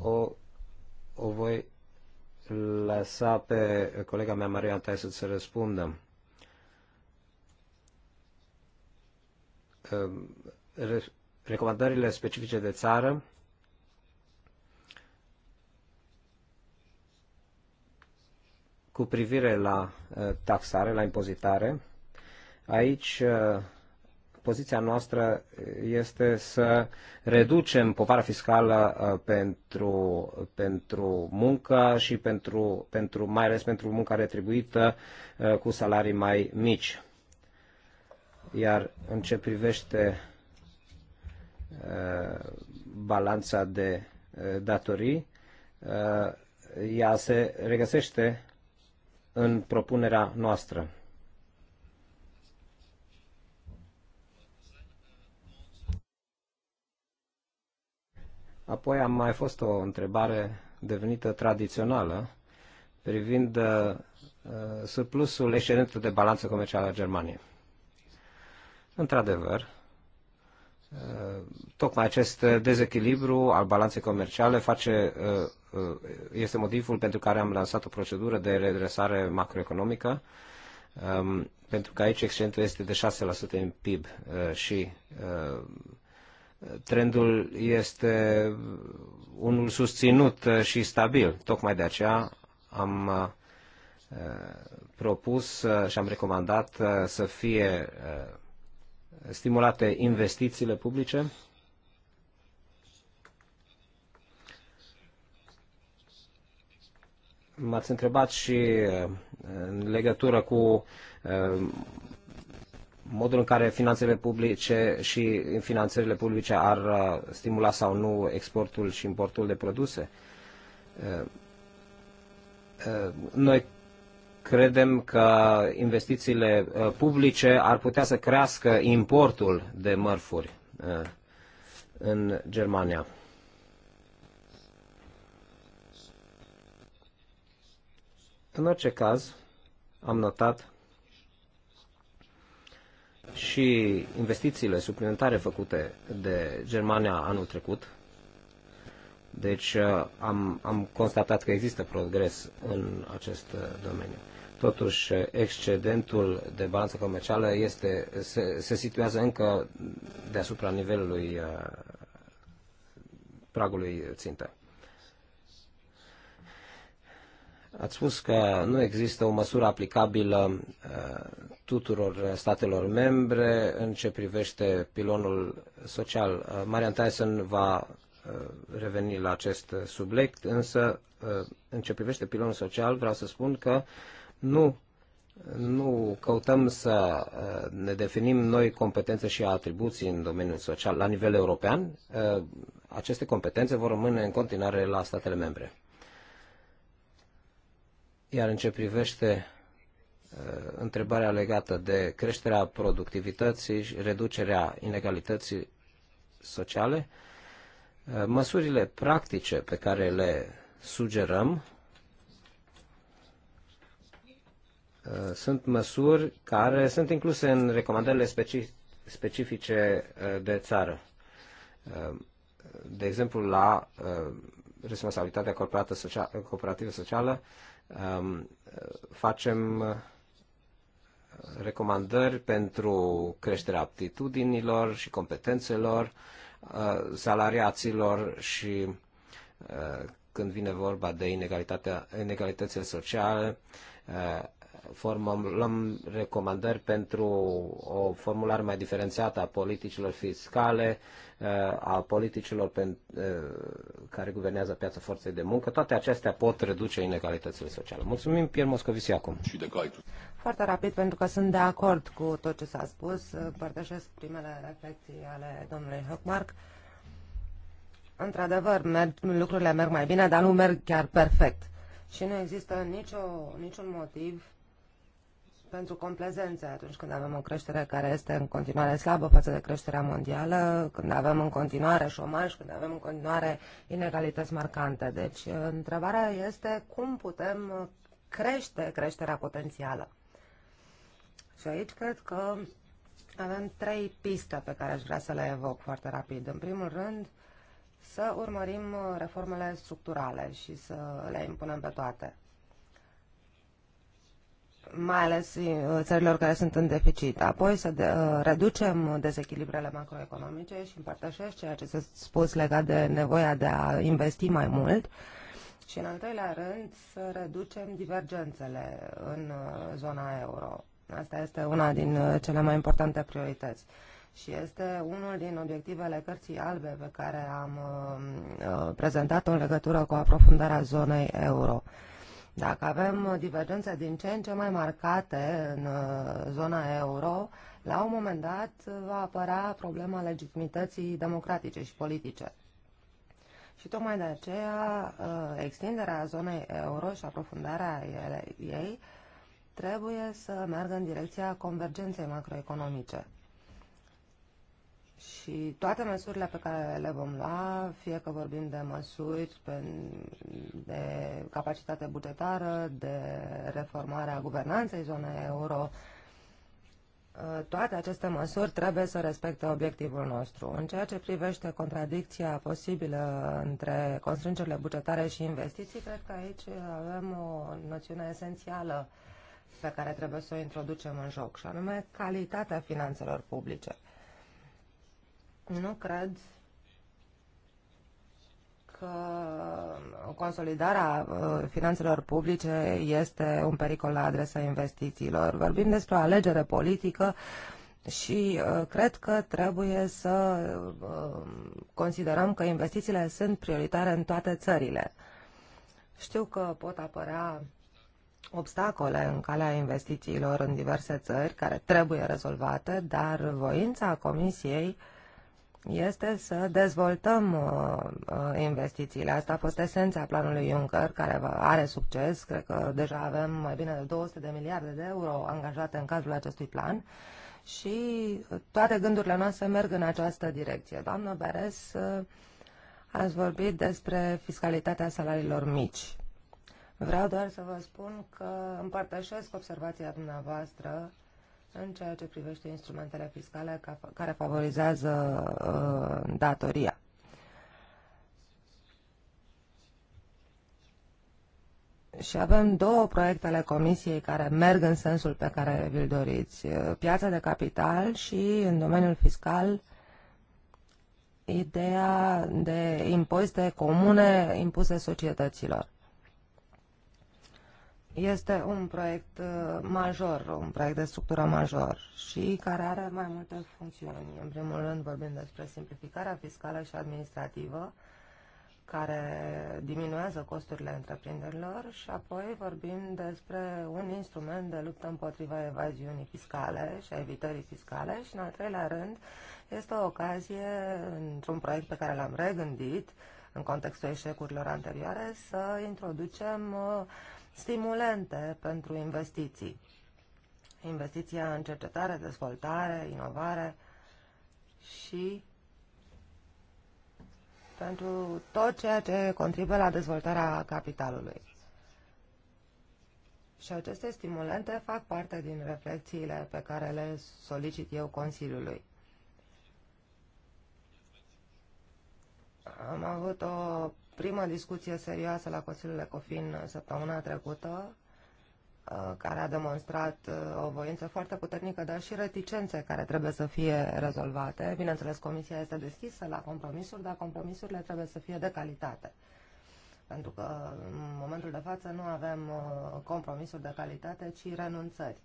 o, o voi lăsa pe colega mea, Maria Taisu, să răspundă. Ehm, recomandările specifice de țară cu privire la eh, taxare, la impozitare, aici eh, poziția noastră este să reducem povara fiscală uh, pentru, pentru muncă și pentru, pentru, mai ales pentru munca retribuită uh, cu salarii mai mici. Iar în ce privește uh, balanța de datorii, ea se regăsește în propunerea noastră. Apoi am mai fost o întrebare devenită tradițională privind uh, uh surplusul excedentul de balanță comercială a Germaniei. Într-adevăr, uh, tocmai acest dezechilibru al balanței comerciale face, uh, uh, este motivul pentru care am lansat o procedură de redresare macroeconomică, um, pentru că aici excedentul este de 6% în PIB uh, și uh, trendul este unul susținut și stabil. Tocmai de aceea am uh, propus uh, și am recomandat uh, să fie stimulate investițiile publice. M-ați întrebat și în legătură cu modul în care finanțele publice și finanțările publice ar uh, stimula sau nu exportul și importul de produse. Uh, uh, noi credem că investițiile publice ar putea să crească importul de mărfuri în Germania. În orice caz, am notat și investițiile suplimentare făcute de Germania anul trecut. Deci uh, am, am constatat că există progres în acest uh, domeniu. Totuși, uh, excedentul de balanță comercială este, se, se situează încă deasupra nivelului pragului țintă. Ați spus că nu există o măsură aplicabilă uh, tuturor statelor membre în ce privește pilonul social. Uh, Marian Tyson va uh, reveni la acest subiect, însă în ce privește pilonul social vreau să spun că nu nu căutăm să ne definim noi competențe și atribuții în domeniul social la nivel european. Aceste competențe vor rămâne în continuare la statele membre. Iar în ce privește uh, întrebarea legată de creșterea productivității și reducerea inegalității sociale, uh, măsurile practice pe care le sugerăm uh, sunt măsuri care sunt incluse în recomandările specifice de țară. De exemplu, la responsabilitatea cooperativă socială, Um, facem uh, recomandări pentru creșterea aptitudinilor și competențelor uh, salariaților și uh, când vine vorba de inegalitatea, inegalitățile sociale, luăm recomandări pentru o formulare mai diferențiată a politicilor fiscale, Uh, a politicilor pe, uh, care guvernează piața forței de muncă, toate acestea pot reduce inegalitățile sociale. Mulțumim, Pierre Moscovici, acum. Și de caitul. Foarte rapid, pentru că sunt de acord cu tot ce s-a spus. Împărtășesc primele reflexii ale domnului Hockmark. Într-adevăr, merg, lucrurile merg mai bine, dar nu merg chiar perfect. Și nu există nicio, niciun motiv pentru complezențe atunci când avem o creștere care este în continuare slabă față de creșterea mondială, când avem în continuare șomaj, când avem în continuare inegalități marcante. Deci, uh, întrebarea este cum putem crește creșterea potențială. Și aici cred că avem trei piste pe care aș vrea să le evoc foarte rapid. În primul rând, să urmărim uh, reformele structurale și să le impunem pe toate mai ales uh, țărilor care sunt în deficit. Apoi să de, uh, reducem dezechilibrele macroeconomice și împărtășesc ceea ce s-a spus legat de nevoia de a investi mai mult. Și în al treilea rând să reducem divergențele în uh, zona euro. Asta este una din cele mai importante priorități și este unul din obiectivele cărții albe pe care am uh, prezentat-o în legătură cu aprofundarea zonei euro. Uh, dacă avem uh, divergențe din ce în ce mai marcate în uh, zona euro, la un moment dat uh, va apărea problema legitimității democratice și politice. Și tocmai de aceea, extinderea zonei euro și aprofundarea ei trebuie să meargă în direcția convergenței macroeconomice. Și toate măsurile pe care le vom lua, fie că vorbim de măsuri pe, de capacitate bugetară, de reformarea guvernanței zonei euro, uh, toate aceste măsuri trebuie să respecte obiectivul nostru. În ceea ce privește contradicția posibilă între constrângerile bugetare și investiții, cred că aici avem o noțiune esențială pe care trebuie să o introducem în joc, și anume calitatea finanțelor publice. Nu cred că consolidarea uh, finanțelor publice este un pericol la adresa investițiilor. Vorbim despre o alegere politică și uh, cred că trebuie să uh, considerăm că investițiile sunt prioritare în toate țările. Știu că pot apărea obstacole în calea investițiilor în diverse țări care trebuie rezolvate, dar voința Comisiei uh, este să dezvoltăm uh, uh, investițiile. Asta a fost esența planului Juncker, care are succes. Cred că deja avem mai bine de 200 de miliarde de euro angajate în cadrul acestui plan și toate gândurile noastre merg în această direcție. Doamnă Beres, uh, ați vorbit despre fiscalitatea salariilor mici. Vreau doar să vă spun că împărtășesc observația dumneavoastră în ceea ce privește instrumentele fiscale care favorizează uh, datoria. Și avem două proiecte ale Comisiei care merg în sensul pe care vi-l doriți. Uh, piața de capital și, în domeniul fiscal, ideea de impozite comune impuse societăților. Este un proiect uh, major, un proiect de structură major și care are mai multe funcțiuni. În primul rând vorbim despre simplificarea fiscală și administrativă, care diminuează costurile întreprinderilor și apoi vorbim despre un instrument de luptă împotriva evaziunii fiscale și a evitării fiscale și în al treilea rând este o ocazie într-un proiect pe care l-am regândit în contextul eșecurilor anterioare să introducem uh, stimulente pentru investiții. Investiția în cercetare, dezvoltare, inovare și pentru tot ceea ce contribuie la dezvoltarea capitalului. Și aceste stimulente fac parte din reflexiile pe care le solicit eu Consiliului. Am avut o prima discuție serioasă la Consiliul Ecofin uh, săptămâna trecută, uh, care a demonstrat uh, o voință foarte puternică, dar și reticențe care trebuie să fie rezolvate. Bineînțeles, Comisia este deschisă la compromisuri, dar compromisurile trebuie să fie de calitate. Pentru că în momentul de față nu avem compromisuri de calitate, ci renunțări.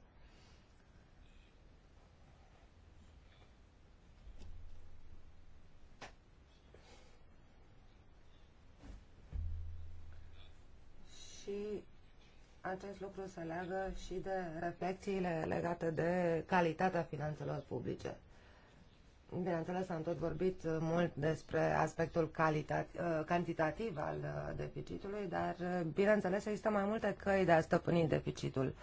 și acest lucru se leagă și de reflexiile legate de calitatea finanțelor publice. Bineînțeles, am tot vorbit mult despre aspectul cantitativ al deficitului, dar, bineînțeles, există mai multe căi de a stăpâni deficitul.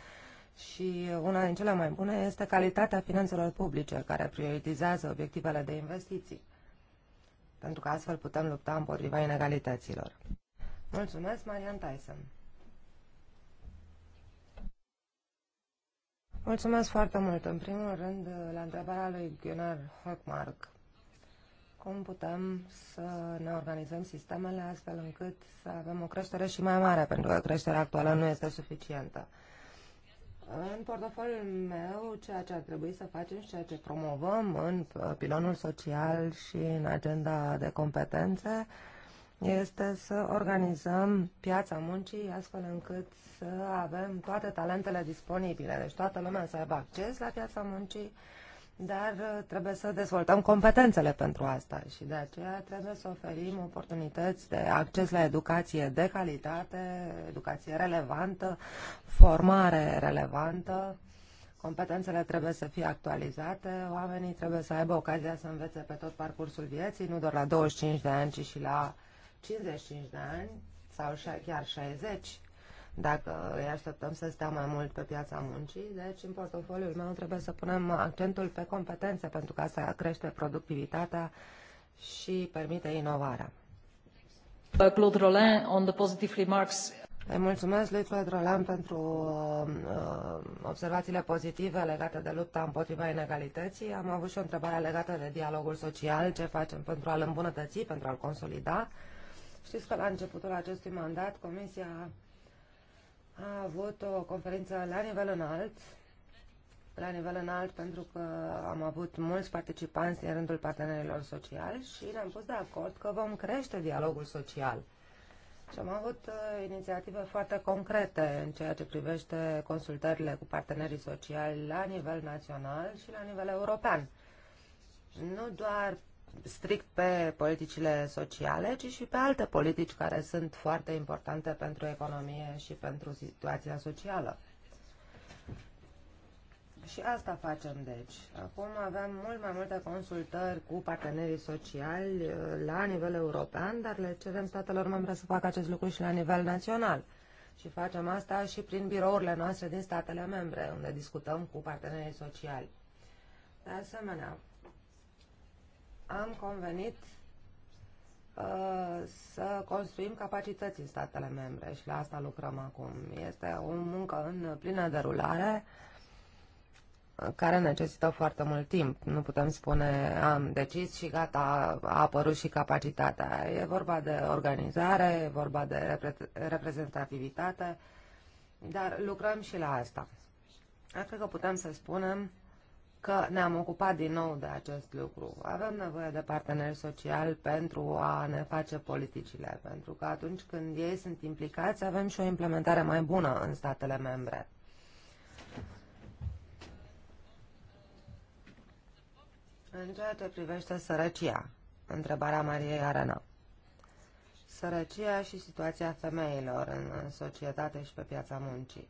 Și una din cele mai bune este calitatea finanțelor publice, care prioritizează obiectivele de investiții, pentru că astfel putem lupta împotriva inegalităților. Mulțumesc, Marian Tyson. Mulțumesc foarte mult. În primul rând, la întrebarea lui Gunnar Hockmark, cum putem să ne organizăm sistemele astfel încât să avem o creștere și mai mare, pentru că creșterea actuală nu este suficientă. În portofoliul meu, ceea ce ar trebui să facem și ceea ce promovăm în pilonul social și în agenda de competențe, este să organizăm piața muncii astfel încât să avem toate talentele disponibile, deci toată lumea să aibă acces la piața muncii, dar uh, trebuie să dezvoltăm competențele pentru asta și de aceea trebuie să oferim oportunități de acces la educație de calitate, educație relevantă, formare relevantă. Competențele trebuie să fie actualizate, oamenii trebuie să aibă ocazia să învețe pe tot parcursul vieții, nu doar la 25 de ani, ci și la 55 de ani sau chiar 60 dacă îi așteptăm să stea mai mult pe piața muncii. Deci, în portofoliul meu trebuie să punem accentul pe competențe, pentru ca să crește productivitatea și permite inovarea. Claude Rollin, on the positive remarks. Îi mulțumesc lui Claude Roland pentru uh, observațiile pozitive legate de lupta împotriva inegalității. Am avut și o întrebare legată de dialogul social, ce facem pentru a-l îmbunătăți, pentru a-l consolida. Uh, Știți că la începutul acestui mandat Comisia a avut o conferință la nivel înalt, la nivel înalt pentru că am avut mulți participanți din rândul partenerilor sociali și ne-am pus de acord că vom crește dialogul social. Și am avut uh, inițiative foarte concrete în ceea ce privește consultările cu partenerii sociali la nivel național și la nivel european. Nu doar strict pe politicile sociale, ci și pe alte politici care sunt foarte importante pentru economie și pentru situația socială. Și asta facem, deci. Acum avem mult mai multe consultări cu partenerii sociali uh, la nivel european, dar le cerem statelor membre să facă acest lucru și la nivel național. Și facem asta și prin birourile noastre din statele membre, unde discutăm cu partenerii sociali. De asemenea, am convenit uh, să construim capacități în statele membre și la asta lucrăm acum. Este o muncă în plină derulare uh, care necesită foarte mult timp. Nu putem spune am decis și gata, a apărut și capacitatea. E vorba de organizare, e vorba de reprezentativitate, dar lucrăm și la asta. Cred că putem să spunem că ne-am ocupat din nou de acest lucru. Avem nevoie de parteneri sociali pentru a ne face politicile, pentru că atunci când ei sunt implicați, avem și o implementare mai bună în statele membre. În ceea ce privește sărăcia, întrebarea Mariei Arena. Sărăcia și situația femeilor în societate și pe piața muncii.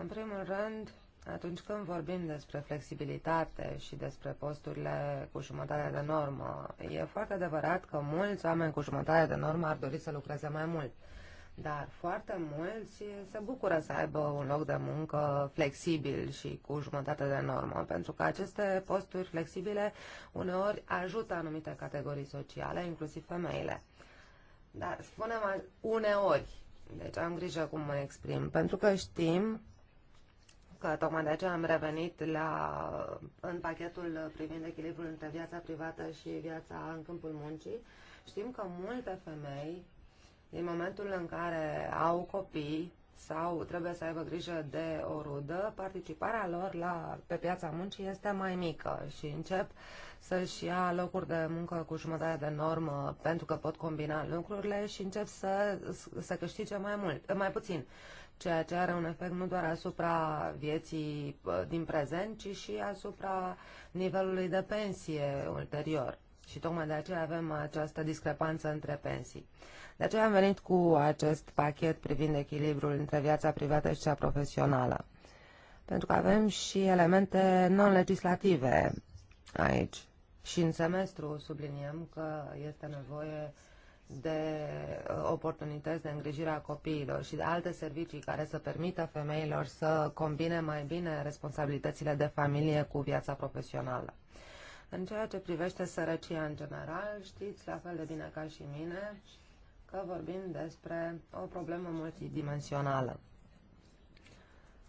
În primul rând, atunci când vorbim despre flexibilitate și despre posturile cu jumătate de normă, e foarte adevărat că mulți oameni cu jumătate de normă ar dori să lucreze mai mult. Dar foarte mulți se bucură să aibă un loc de muncă flexibil și cu jumătate de normă, pentru că aceste posturi flexibile uneori ajută anumite categorii sociale, inclusiv femeile. Dar spunem uneori, deci am grijă cum mă exprim, pentru că știm că tocmai de aceea am revenit la, în pachetul privind echilibrul între viața privată și viața în câmpul muncii, știm că multe femei, din momentul în care au copii sau trebuie să aibă grijă de o rudă, participarea lor la, pe piața muncii este mai mică și încep să-și ia locuri de muncă cu jumătate de normă pentru că pot combina lucrurile și încep să, să câștige mai, mult, mai puțin ceea ce are un efect nu doar asupra vieții din prezent, ci și asupra nivelului de pensie ulterior. Și tocmai de aceea avem această discrepanță între pensii. De aceea am venit cu acest pachet privind echilibrul între viața privată și cea profesională. Pentru că avem și elemente non-legislative aici. Și în semestru subliniem că este nevoie uh, de uh, oportunități de îngrijire a copiilor și de alte servicii care să permită femeilor să combine mai bine responsabilitățile de familie cu viața profesională. În ceea ce privește sărăcia în general, știți la fel de bine ca și mine că vorbim despre o problemă multidimensională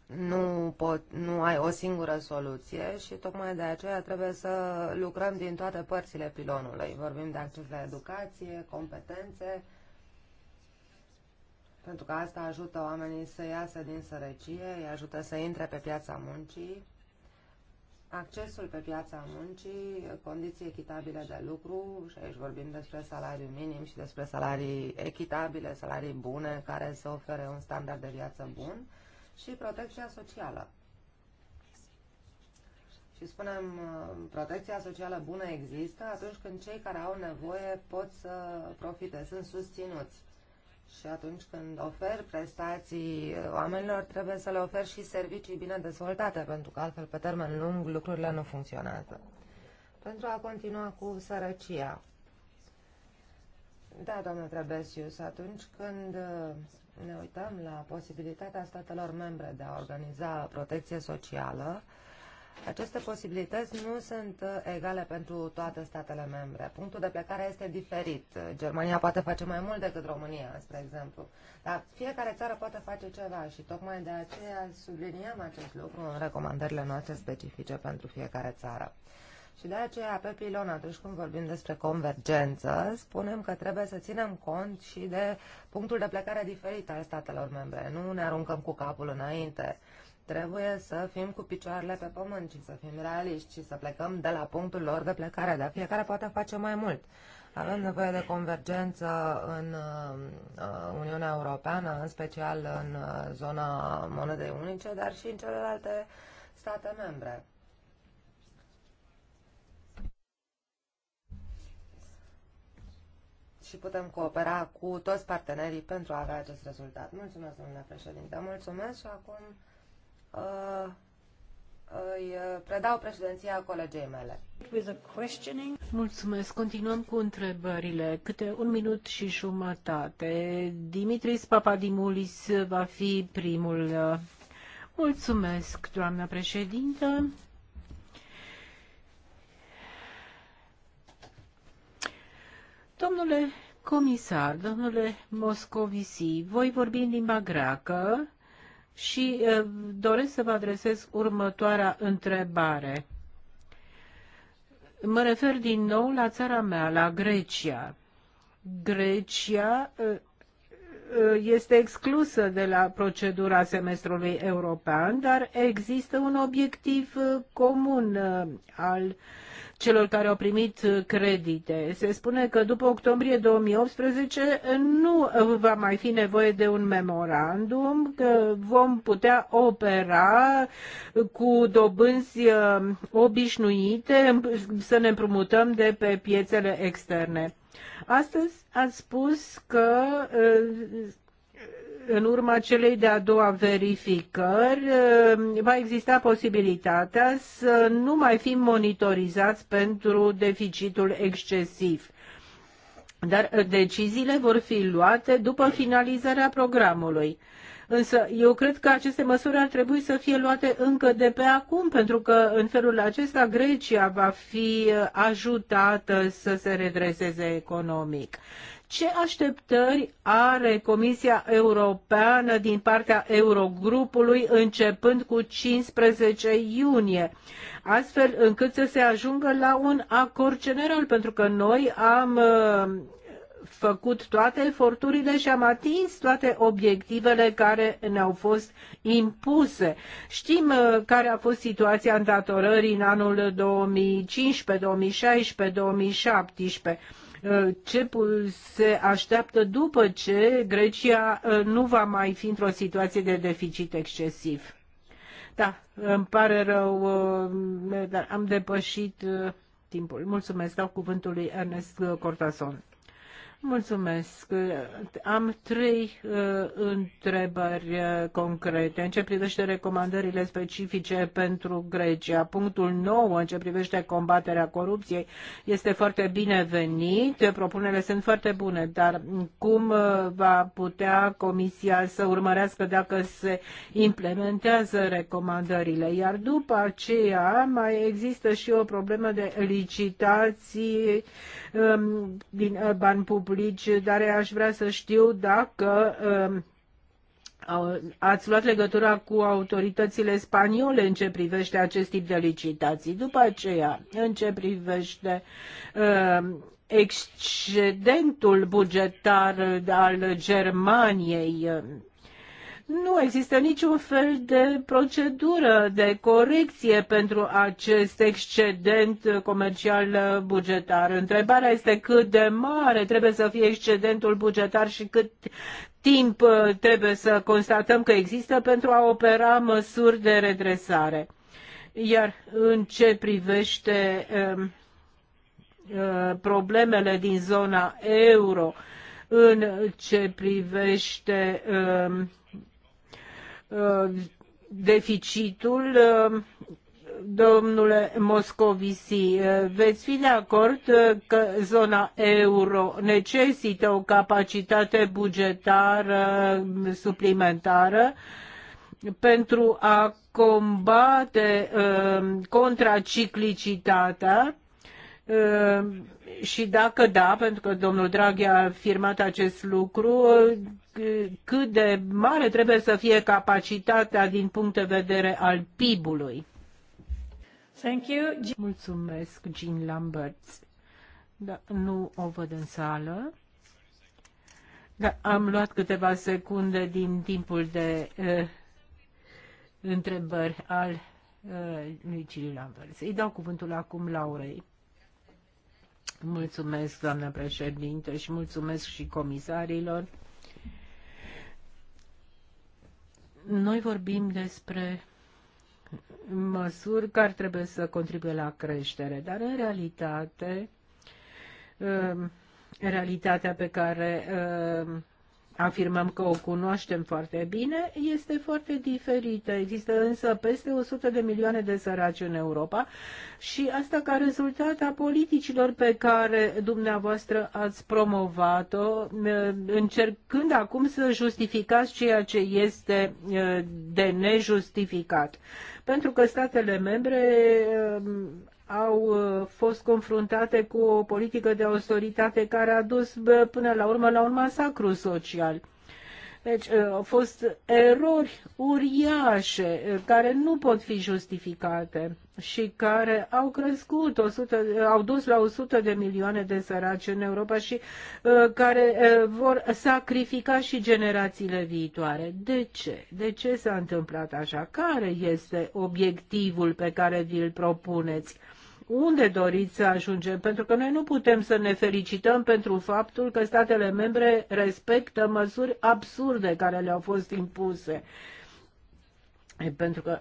nu, pot, nu ai o singură soluție și tocmai de aceea trebuie să lucrăm din toate părțile pilonului. Vorbim de acces la educație, competențe, pentru că asta ajută oamenii să iasă din sărăcie, îi ajută să intre pe piața muncii, accesul pe piața muncii, condiții echitabile de lucru, și aici vorbim despre salariu minim și despre salarii echitabile, salarii bune, care să ofere un standard de viață bun, și protecția socială. Și spunem, uh, protecția socială bună există atunci când cei care au nevoie pot să profite, sunt susținuți. Și atunci când oferi prestații oamenilor, trebuie să le oferi și servicii bine dezvoltate, pentru că altfel pe termen lung lucrurile nu funcționează. Pentru a continua cu sărăcia. Da, doamnă Trebesius, atunci când uh, ne uităm la posibilitatea statelor membre de a organiza protecție socială, aceste posibilități nu sunt uh, egale pentru toate statele membre. Punctul de plecare este diferit. Germania poate face mai mult decât România, spre exemplu. Dar fiecare țară poate face ceva și tocmai de aceea subliniem acest lucru în recomandările noastre specifice pentru fiecare țară. Și de aceea, pe pilon, atunci când vorbim despre convergență, spunem că trebuie să ținem cont și de punctul de plecare diferit al statelor membre. Nu ne aruncăm cu capul înainte. Trebuie să fim cu picioarele pe pământ și să fim realiști și să plecăm de la punctul lor de plecare, dar fiecare poate face mai mult. Avem nevoie de convergență în uh, Uniunea Europeană, în special în uh, zona monedei unice, dar și în celelalte state membre. și putem coopera cu toți partenerii pentru a avea acest rezultat. Mulțumesc, domnule președinte. Mulțumesc și acum uh, îi uh, predau președinția colegei mele. Mulțumesc. Continuăm cu întrebările. Câte un minut și jumătate. Dimitris Papadimulis va fi primul. Mulțumesc, doamna președintă. Domnule comisar, domnule Moscovici, voi vorbi în limba greacă și uh, doresc să vă adresez următoarea întrebare. Mă refer din nou la țara mea, la Grecia. Grecia uh, este exclusă de la procedura semestrului european, dar există un obiectiv comun al celor care au primit uh, credite. Se spune că după octombrie 2018 uh, nu uh, va mai fi nevoie de un memorandum, că vom putea opera cu dobânzi obișnuite să ne împrumutăm de pe piețele externe. Astăzi ați spus că în urma celei de-a doua verificări, eh, va exista posibilitatea să nu mai fim monitorizați pentru deficitul excesiv. Dar eh, deciziile vor fi luate după finalizarea programului. Însă eu cred că aceste măsuri ar trebui să fie luate încă de pe acum, pentru că în felul acesta Grecia va fi eh, ajutată să se redreseze economic. Ce așteptări are Comisia Europeană din partea Eurogrupului începând cu 15 iunie, astfel încât să se ajungă la un acord general, pentru că noi am uh, făcut toate eforturile și am atins toate obiectivele care ne-au fost impuse. Știm uh, care a fost situația îndatorării în anul 2015, 2016, 2017. Uh, ce se așteaptă după ce Grecia uh, nu va mai fi într-o situație de deficit excesiv. Da, îmi pare rău, uh, dar am depășit timpul. Mulțumesc, dau cuvântul lui Ernest Cortason. Mulțumesc. Am trei uh, întrebări uh, concrete. În ce privește recomandările specifice pentru Grecia, punctul 9 în ce privește combaterea corupției este foarte binevenit. Propunerile sunt foarte bune, dar cum uh, va putea Comisia să urmărească dacă se implementează recomandările? Iar după aceea mai există și o problemă de licitații um, din uh, bani publici publici, dar aș vrea să știu dacă um, ați luat legătura cu autoritățile spaniole în ce privește acest tip de licitații. După aceea, în ce privește um, excedentul bugetar al Germaniei, um, nu există niciun fel de procedură de corecție pentru acest excedent comercial bugetar. Întrebarea este cât de mare trebuie să fie excedentul bugetar și cât timp trebuie să constatăm că există pentru a opera măsuri de redresare. Iar în ce privește um, uh, problemele din zona euro, în ce privește uh, Uh, deficitul uh, domnule Moscovici, uh, veți fi de acord că zona euro necesită o capacitate bugetară suplimentară pentru a combate contraciclicitatea Ehm, și dacă da, pentru că domnul Draghi a afirmat acest lucru, eh, cât de mare trebuie să fie capacitatea din punct de vedere al PIB-ului? Thank you. Mulțumesc, Jean Lambert. Da, nu o văd în sală. Da, am luat câteva secunde din timpul de uh, întrebări al uh, lui Ciri Lambert. Îi dau cuvântul acum Laurei. Mulțumesc, doamna președinte, și mulțumesc și comisarilor. Noi vorbim despre măsuri care trebuie să contribuie la creștere, dar în realitate um, realitatea pe care um, afirmăm că o cunoaștem foarte bine, este foarte diferită. Există însă peste 100 de milioane de săraci în Europa și asta ca rezultat a politicilor pe care dumneavoastră ați promovat-o, eh, încercând acum să justificați ceea ce este eh, de nejustificat. Pentru că statele membre eh, au uh, fost confruntate cu o politică de austeritate care a dus până la urmă la un masacru social. Deci uh, au fost erori uriașe uh, care nu pot fi justificate și care au crescut, 100, au dus la 100 de milioane de săraci în Europa și care vor sacrifica și generațiile viitoare. De ce? De ce s-a întâmplat așa? Care este obiectivul pe care vi-l propuneți? unde doriți să ajungem, pentru că noi nu putem să ne felicităm pentru faptul că statele membre respectă măsuri absurde care le-au fost impuse. Pentru că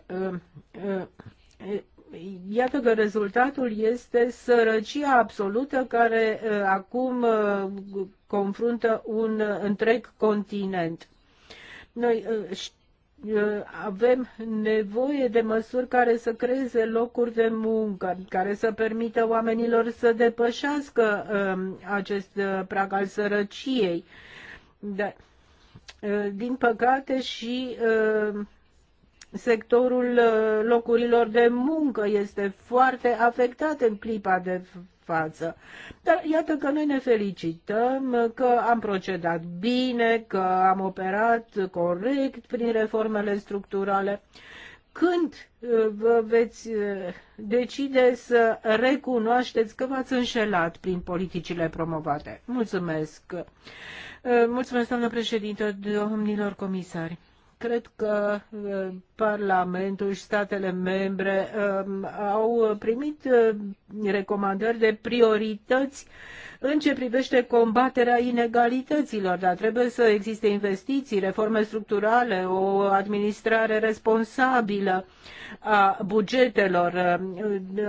iată că rezultatul este sărăcia absolută care acum confruntă un întreg continent. Noi știm Uh, avem nevoie de măsuri care să creeze locuri de muncă, care să permită oamenilor să depășească um, acest uh, prag al sărăciei. Dar, uh, din păcate și sectorul locurilor de muncă este foarte afectat în clipa de față. Dar iată că noi ne felicităm că am procedat bine, că am operat corect prin reformele structurale. Când uh, vă veți uh, decide să recunoașteți că v-ați înșelat prin politicile promovate? Mulțumesc! Uh, mulțumesc, doamnă președintă, domnilor comisari! Cred că uh, Parlamentul și statele membre um, au primit uh, recomandări de priorități în ce privește combaterea inegalităților, dar trebuie să existe investiții, reforme structurale, o administrare responsabilă a bugetelor.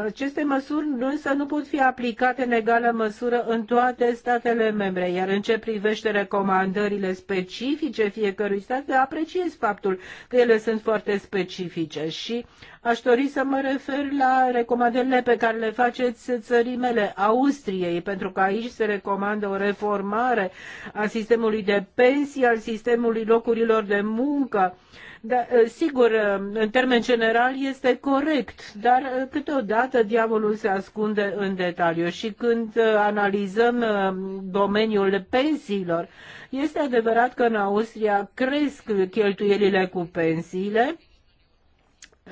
Aceste măsuri însă nu pot fi aplicate în egală măsură în toate statele membre, iar în ce privește recomandările specifice fiecărui stat, apreciez faptul că ele sunt foarte specifice și aș dori să mă refer la recomandările pe care le faceți țării mele, Austriei, pentru că aici Aici se recomandă o reformare a sistemului de pensii, al sistemului locurilor de muncă. Da, ă, sigur, ă, în termen general este corect, dar ă, câteodată diavolul se ascunde în detaliu și când analizăm domeniul pensiilor, este adevărat că în Austria cresc cheltuielile cu pensiile,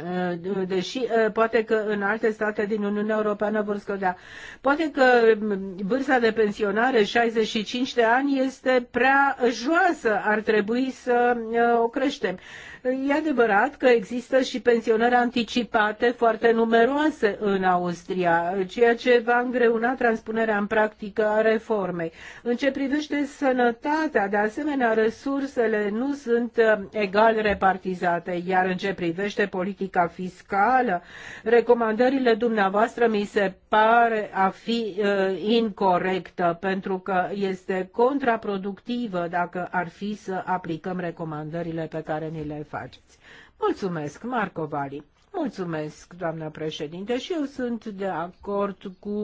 Uh, deși uh, poate că în alte state din Uniunea Europeană vor scădea. Poate că um, vârsta de pensionare, 65 de ani, este prea joasă, ar trebui să uh, o creștem. E adevărat că există și pensionări anticipate foarte numeroase în Austria, ceea ce va îngreuna transpunerea în practică a reformei. În ce privește sănătatea, de asemenea, resursele nu sunt uh, egal repartizate, iar în ce privește politica fiscală, recomandările dumneavoastră mi se pare a fi uh, incorrectă, pentru că este contraproductivă dacă ar fi să aplicăm recomandările pe care ni le faceți. Mulțumesc, Marco Vali. Mulțumesc, doamna președinte, și eu sunt de acord cu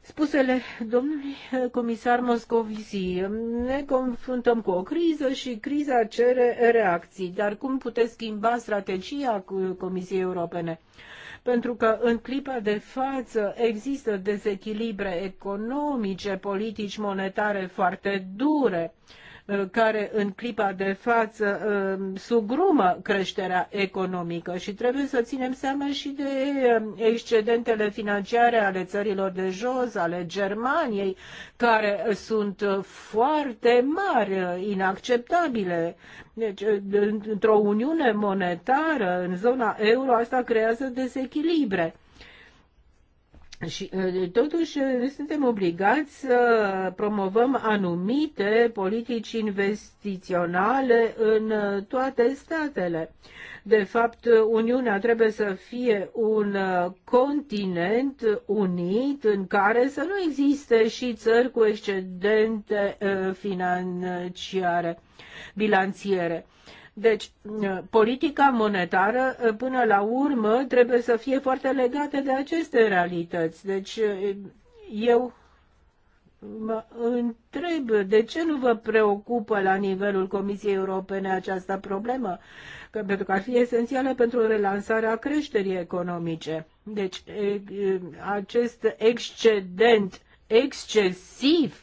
spusele domnului comisar Moscovici. Ne confruntăm cu o criză și criza cere reacții, dar cum puteți schimba strategia cu Comisiei Europene? pentru că în clipa de față există dezechilibre economice, politici monetare foarte dure Uh, care în clipa de față uh, sugrumă creșterea economică și trebuie să ținem seama și de uh, excedentele financiare ale țărilor de jos, ale Germaniei, care sunt foarte mari, inacceptabile. Deci, într-o uniune monetară, în zona euro, asta creează dezechilibre. Și totuși suntem obligați să promovăm anumite politici investiționale în toate statele. De fapt, Uniunea trebuie să fie un continent unit în care să nu existe și țări cu excedente financiare, bilanțiere. Deci, uh, politica monetară, uh, până la urmă, trebuie să fie foarte legată de aceste realități. Deci, uh, eu mă întreb de ce nu vă preocupă la nivelul Comisiei Europene această problemă, că, pentru că ar fi esențială pentru relansarea creșterii economice. Deci, acest excedent excesiv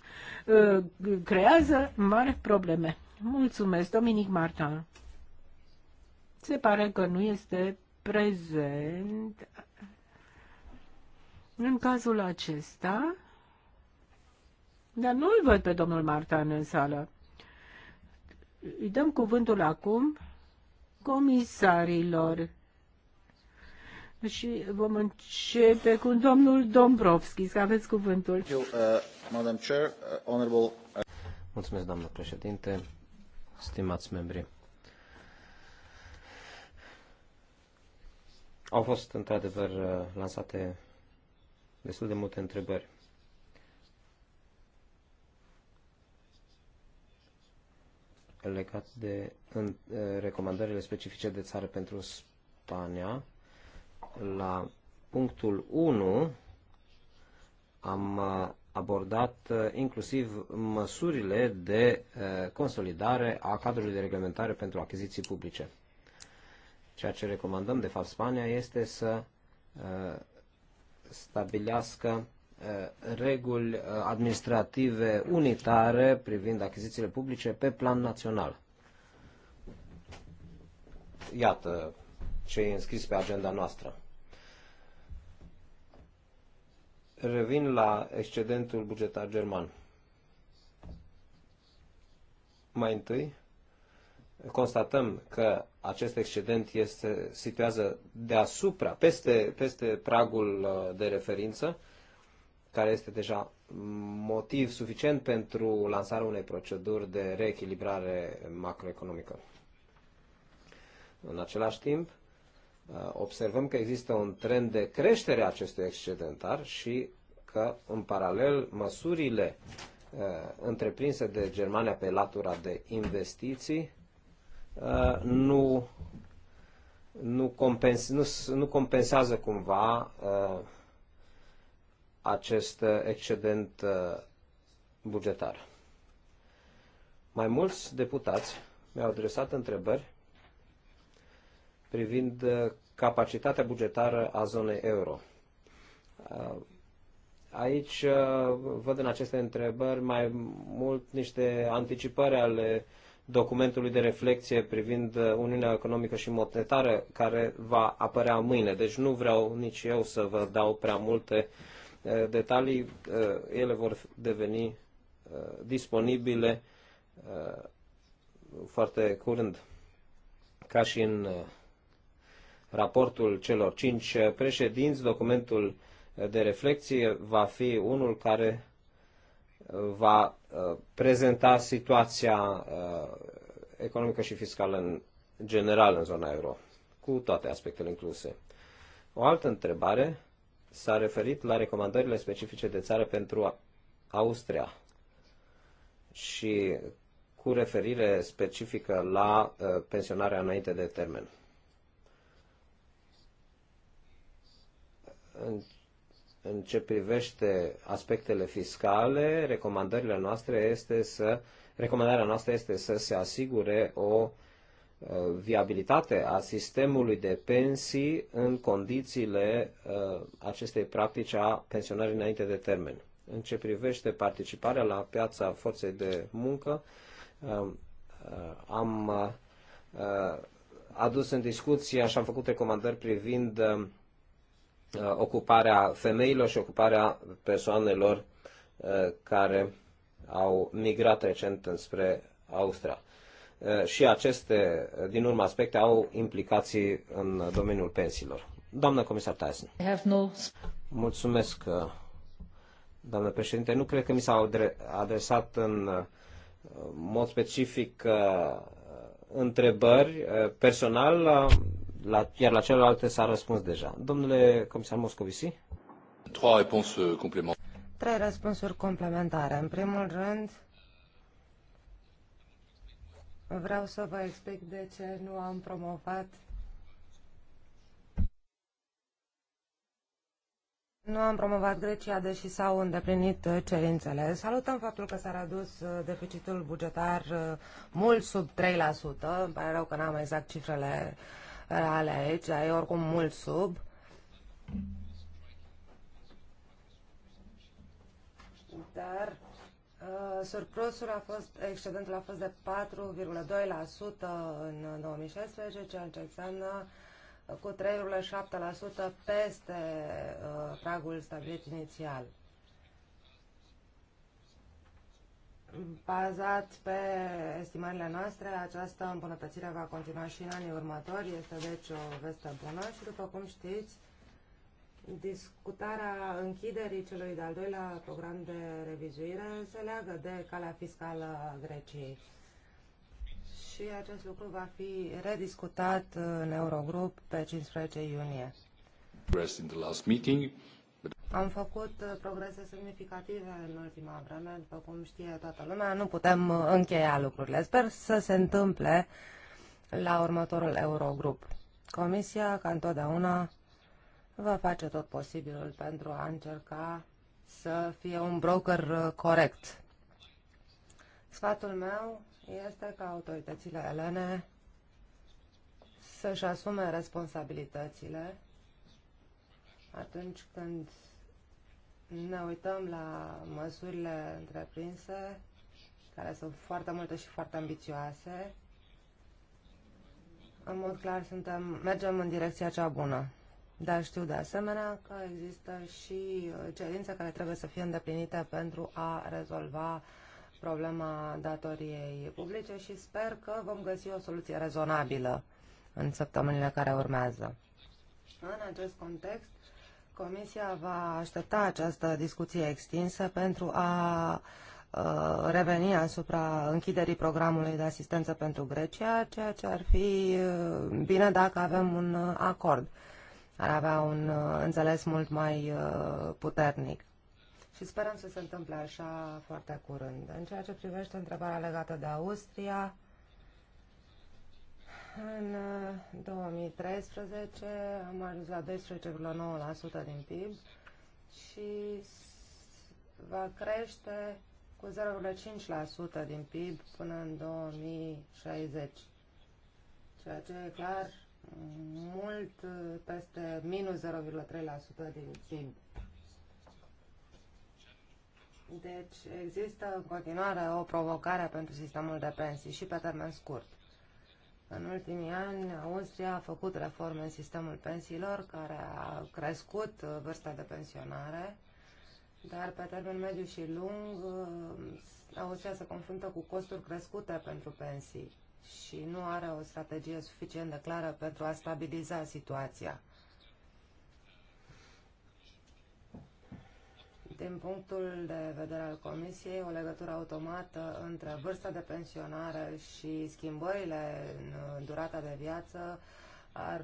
creează mari probleme. Mulțumesc, Dominic Martin. Se pare că nu este prezent. În cazul acesta, dar nu-l văd pe domnul Martan în sală. Îi dăm cuvântul acum comisarilor. Și vom începe cu domnul Dombrovski. Să aveți cuvântul. Uh, uh, uh, Mulțumesc, doamnă președinte, stimați membri. Au fost, într-adevăr, uh, lansate destul de multe întrebări. legat de în, uh, recomandările specifice de țară pentru Spania, la punctul 1 am uh, abordat inclusiv măsurile de consolidare a cadrului de reglementare pentru achiziții publice. Ceea ce recomandăm, de fapt, Spania este să uh, stabilească uh, reguli uh, administrative unitare privind achizițiile publice pe plan național. Iată ce e înscris pe agenda noastră. Revin la excedentul bugetar german. Mai întâi, constatăm că acest excedent este, situează deasupra, peste, peste pragul uh, de referință, care este deja motiv suficient pentru lansarea unei proceduri de reechilibrare macroeconomică. În același timp, uh, observăm că există un trend de creștere a acestui excedentar și că, în paralel, măsurile uh, întreprinse de Germania pe latura de investiții Uh, nu, nu, compens, nu, nu compensează cumva uh, acest excedent uh, bugetar. Mai mulți deputați mi-au adresat întrebări privind capacitatea bugetară a zonei euro. Aici văd în aceste întrebări mai mult niște anticipări ale uh, documentului de reflexie privind uh, Uniunea Economică și Monetară care va apărea mâine. Deci nu vreau nici eu să vă dau prea multe uh, detalii. Uh, ele vor deveni disponibile foarte curând, ca și în raportul celor cinci președinți, documentul de reflexie va fi unul care va uh, prezenta situația uh, economică și fiscală în general în zona euro, cu toate aspectele incluse. O altă întrebare s-a referit la recomandările specifice de țară pentru Austria și cu referire specifică la uh, pensionarea înainte de termen. În în ce privește aspectele fiscale, recomandările noastre este să, recomandarea noastră este să se asigure o uh, viabilitate a sistemului de pensii în condițiile uh, acestei practici a pensionării înainte de termen. În ce privește participarea la piața forței de muncă, um, uh, am adus în discuție și am făcut recomandări privind um, Uh, ocuparea femeilor și ocuparea persoanelor uh, care au migrat recent înspre Austria. Uh, și aceste, din urmă, aspecte au implicații în domeniul pensiilor. Doamnă comisar Tyson. No... Mulțumesc, doamnă președinte. Nu cred că mi s a adresat în mod specific întrebări. Personal, la, iar la celelalte s-a răspuns deja. Domnule comisar Moscovici? Trei răspunsuri complementare. În primul rând, vreau să vă explic de ce nu am promovat Nu am promovat Grecia, deși s-au îndeplinit cerințele. Salutăm faptul că s-a redus deficitul bugetar mult sub 3%. Îmi pare rău că n-am exact cifrele uh, reale aici, e oricum mult sub. Dar uh, surplusul a fost, excedentul a fost de 4,2% în 2016, ceea ce înseamnă uh, cu 3,7% peste uh, pragul stabilit inițial. Bazat pe estimările noastre, această îmbunătățire va continua și în anii următori, este deci o veste bună și, după cum știți, discutarea închiderii celui de-al doilea program de revizuire se leagă de calea fiscală a Greciei. Și acest lucru va fi rediscutat în Eurogrup pe 15 iunie. Am făcut uh, progrese semnificative în ultima vreme, după cum știe toată lumea. Nu putem uh, încheia lucrurile. Sper să se întâmple la următorul Eurogrup. Comisia, ca întotdeauna, va face tot posibilul pentru a încerca să fie un broker uh, corect. Sfatul meu este ca autoritățile elene să-și asume responsabilitățile atunci când ne uităm la măsurile întreprinse, care sunt foarte multe și foarte ambițioase, în mod clar suntem, mergem în direcția cea bună. Dar știu de asemenea că există și uh, cerințe care trebuie să fie îndeplinite pentru a rezolva problema datoriei publice și sper că vom găsi o soluție rezonabilă în săptămânile care urmează. În acest context, Comisia va aștepta această discuție extinsă pentru a reveni asupra închiderii programului de asistență pentru Grecia, ceea ce ar fi bine dacă avem un acord. Ar avea un înțeles mult mai puternic. Și sperăm să se întâmple așa foarte curând. În ceea ce privește întrebarea legată de Austria, în 2013 uh, am ajuns la 12,9% din PIB și va crește cu 0,5% din PIB până în 2060, ceea ce e clar mult uh, peste minus 0,3% din PIB. Deci există în continuare o provocare pentru sistemul de pensii și pe termen scurt. În ultimii ani, Austria a făcut reforme în sistemul pensiilor, care a crescut uh, vârsta de pensionare, dar pe termen mediu și lung, uh, Austria se confruntă cu costuri crescute pentru pensii și nu are o strategie suficient de clară pentru a stabiliza situația. din punctul de vedere al Comisiei, o legătură automată între vârsta de pensionare și schimbările în durata de viață ar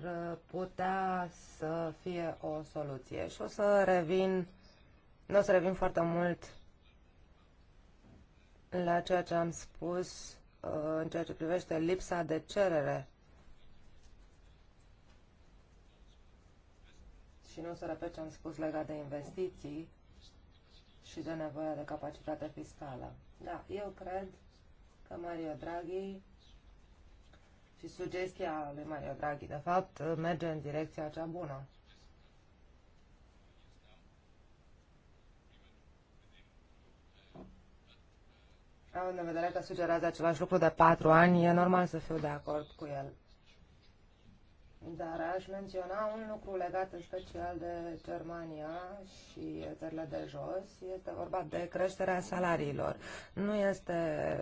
putea să fie o soluție. Și o să revin, nu o să revin foarte mult la ceea ce am spus uh, în ceea ce privește lipsa de cerere și nu o să repet ce am spus legat de investiții, și de nevoia de capacitate fiscală. Da, eu cred că Mario Draghi și sugestia lui Mario Draghi, de fapt, merge în direcția cea bună. Având în vedere că sugerează același lucru de patru ani, e normal să fiu de acord cu el. Dar aș menționa un lucru legat în special de Germania și țările de jos. Este vorba de creșterea salariilor. Nu este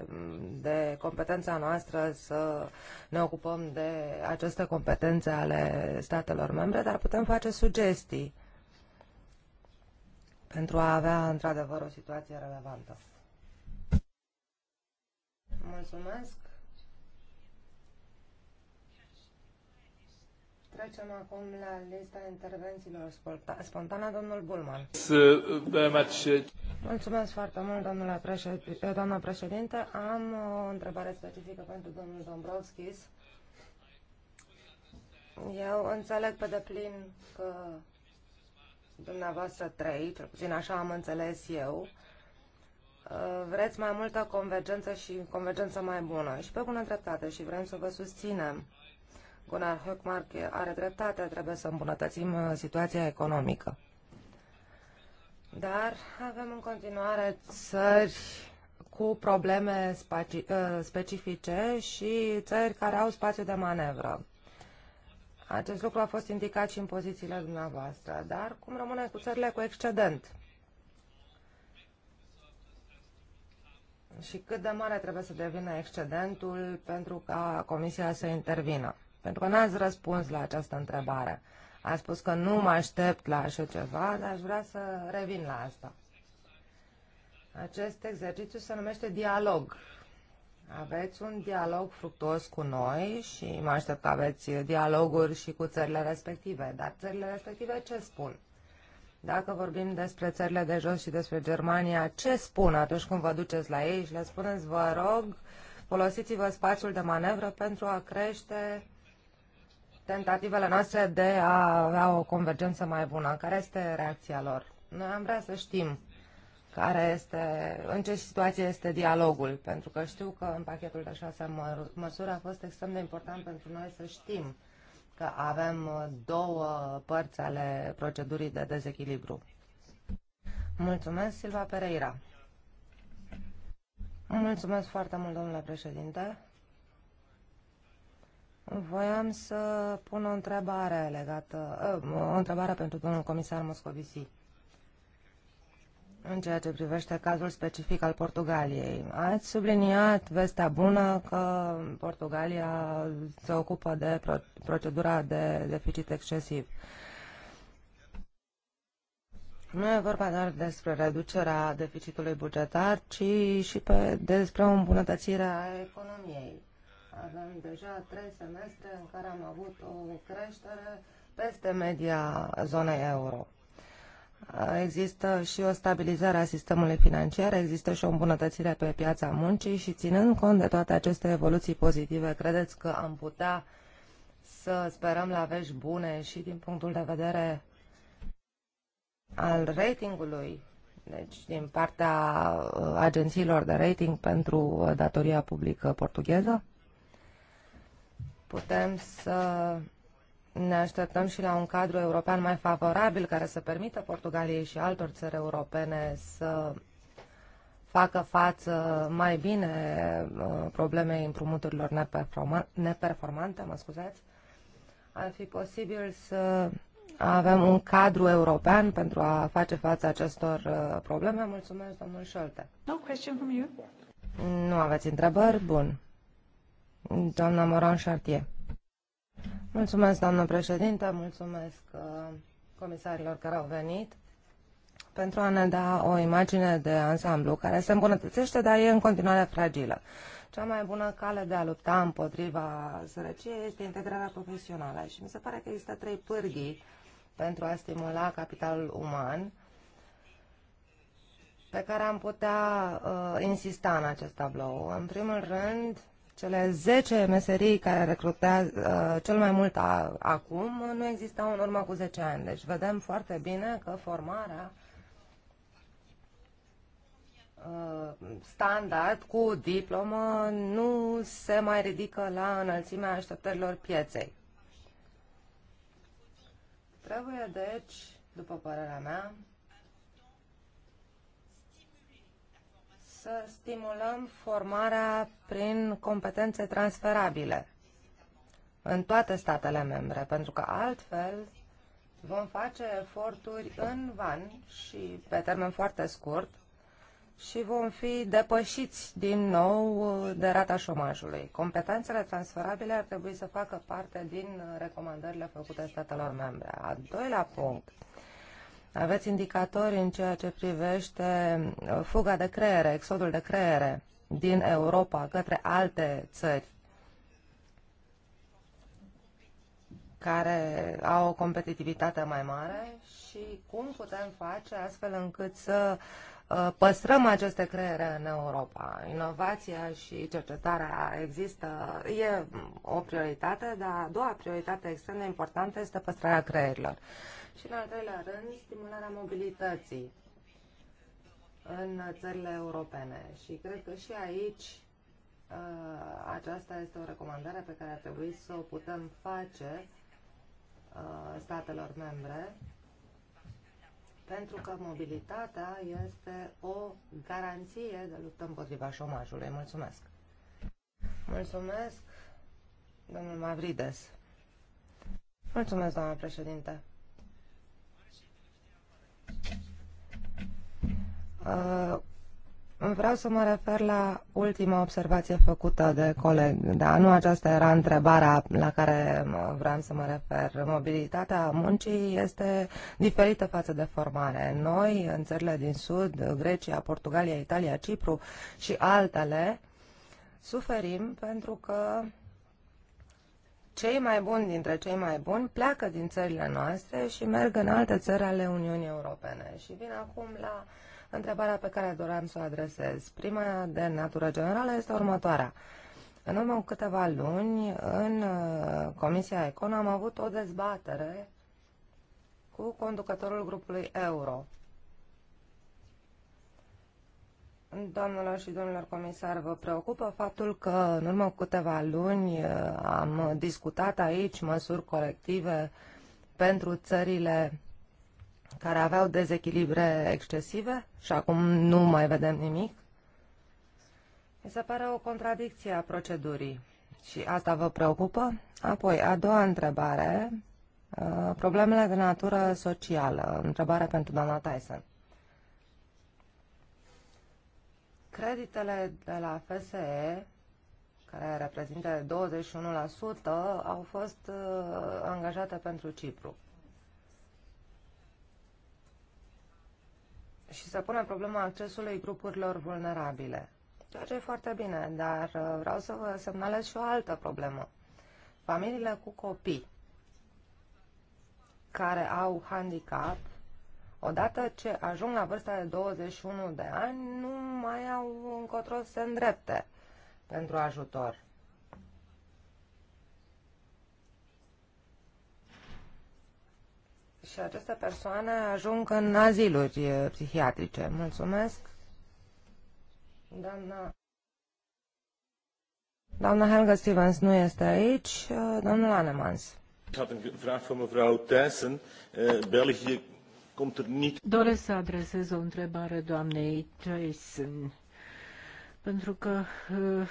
mm, de competența noastră să ne ocupăm de aceste competențe ale statelor membre, dar putem face sugestii pentru a avea într-adevăr o situație relevantă. Mulțumesc! Trecem acum la lista intervențiilor spontane. Domnul Bulman. Uh, uh, Mulțumesc foarte mult, domnule președinte, eh, doamna președinte. Am o întrebare specifică pentru domnul Dombrovskis. Eu înțeleg pe deplin că dumneavoastră trei, cel puțin așa am înțeles eu, uh, vreți mai multă convergență și convergență mai bună. Și pe bună dreptate și vrem să vă susținem. Gunnar Höckmark are dreptate, trebuie să îmbunătățim uh, situația economică. Dar avem în continuare țări cu probleme uh, specifice și țări care au spațiu de manevră. Acest lucru a fost indicat și în pozițiile dumneavoastră, dar cum rămâne cu țările cu excedent? Și cât de mare trebuie să devină excedentul pentru ca Comisia să intervină? Pentru că n-ați răspuns la această întrebare. A spus că nu mă aștept la așa ceva, dar aș vrea să revin la asta. Acest exercițiu se numește dialog. Aveți un dialog fructuos cu noi și mă aștept că aveți dialoguri și cu țările respective. Dar țările respective ce spun? Dacă vorbim despre țările de jos și despre Germania, ce spun atunci când vă duceți la ei și le spuneți, vă rog, folosiți-vă spațiul de manevră pentru a crește tentativele noastre de a avea o convergență mai bună. Care este reacția lor? Noi am vrea să știm care este, în ce situație este dialogul, pentru că știu că în pachetul de șase măsuri a fost extrem de important pentru noi să știm că avem două părți ale procedurii de dezechilibru. Mulțumesc, Silva Pereira. Mulțumesc foarte mult, domnule președinte. Voiam să pun o întrebare legată, ă, o întrebare pentru domnul comisar Moscovici. În ceea ce privește cazul specific al Portugaliei, ați subliniat vestea bună că Portugalia se ocupă de procedura de deficit excesiv. Nu e vorba doar despre reducerea deficitului bugetar, ci și pe, despre o îmbunătățire a economiei. Avem deja trei semestre în care am avut o creștere peste media zonei euro. Există și o stabilizare a sistemului financiar, există și o îmbunătățire pe piața muncii și ținând cont de toate aceste evoluții pozitive, credeți că am putea să sperăm la vești bune și din punctul de vedere al ratingului, deci din partea uh, agențiilor de rating pentru uh, datoria publică portugheză? putem să ne așteptăm și la un cadru european mai favorabil care să permită Portugaliei și altor țări europene să facă față mai bine uh, problemei împrumuturilor neperformante, mă scuzați, ar fi posibil să avem un cadru european pentru a face față acestor uh, probleme. Mulțumesc, domnul Șolte. No question from you. Nu aveți întrebări? Bun. Doamna Moran Chartier. Mulțumesc, doamnă președinte, mulțumesc uh, comisarilor care au venit pentru a ne da o imagine de ansamblu care se îmbunătățește, dar e în continuare fragilă. Cea mai bună cale de a lupta împotriva sărăciei este integrarea profesională și mi se pare că există trei pârghii pentru a stimula capitalul uman pe care am putea uh, insista în acest tablou. În primul rând, cele 10 meserii care recrutează uh, cel mai mult a, acum nu existau în urmă cu 10 ani. Deci vedem foarte bine că formarea uh, standard cu diplomă nu se mai ridică la înălțimea așteptărilor pieței. Trebuie, deci, după părerea mea, să stimulăm formarea prin competențe transferabile în toate statele membre, pentru că altfel vom face eforturi în van și pe termen foarte scurt și vom fi depășiți din nou de rata șomajului. Competențele transferabile ar trebui să facă parte din recomandările făcute statelor membre. A doilea punct aveți indicatori în ceea ce privește uh, fuga de creiere, exodul de creiere din Europa către alte țări care au o competitivitate mai mare și cum putem face astfel încât să uh, păstrăm aceste creiere în Europa. Inovația și cercetarea există, e o prioritate, dar a doua prioritate extrem de importantă este păstrarea creierilor și, în al treilea rând, stimularea mobilității în țările europene. Și cred că și aici uh, aceasta este o recomandare pe care ar trebui să o putem face uh, statelor membre, pentru că mobilitatea este o garanție de luptă împotriva șomajului. Mulțumesc! Mulțumesc, domnul Mavrides! Mulțumesc, doamna președinte! Uh, vreau să mă refer la ultima observație făcută de coleg, da, nu aceasta era întrebarea la care uh, vreau să mă refer. Mobilitatea muncii este diferită față de formare. Noi, în țările din Sud, Grecia, Portugalia, Italia, Cipru și altele, suferim pentru că cei mai buni dintre cei mai buni pleacă din țările noastre și merg în alte țări ale Uniunii Europene. Și vin acum la uh, Întrebarea pe care doream să o adresez, prima de natură generală, este următoarea. În urmă cu câteva luni, în uh, Comisia Econ am avut o dezbatere cu conducătorul grupului Euro. Doamnelor și domnilor comisar, vă preocupă faptul că în urmă cu câteva luni uh, am discutat aici măsuri colective pentru țările care aveau dezechilibre excesive și acum nu mai vedem nimic? Mi se pare o contradicție a procedurii și asta vă preocupă? Apoi, a doua întrebare, uh, problemele de natură socială. Întrebare pentru doamna Tyson. Creditele de la FSE, care reprezintă 21%, au fost uh, angajate pentru Cipru. și se pune problema accesului grupurilor vulnerabile. Ceea ce e foarte bine, dar uh, vreau să vă semnalez și o altă problemă. Familiile cu copii care au handicap, odată ce ajung la vârsta de 21 de ani, nu mai au încotro să se îndrepte pentru ajutor. Și aceste persoane ajung în aziluri eh, psihiatrice. Mulțumesc. Doamna, Doamna Helga Stevens nu este aici. Eh, domnul Anemans. Eh, er Doresc să adresez o întrebare doamnei Tyson, pentru că uh,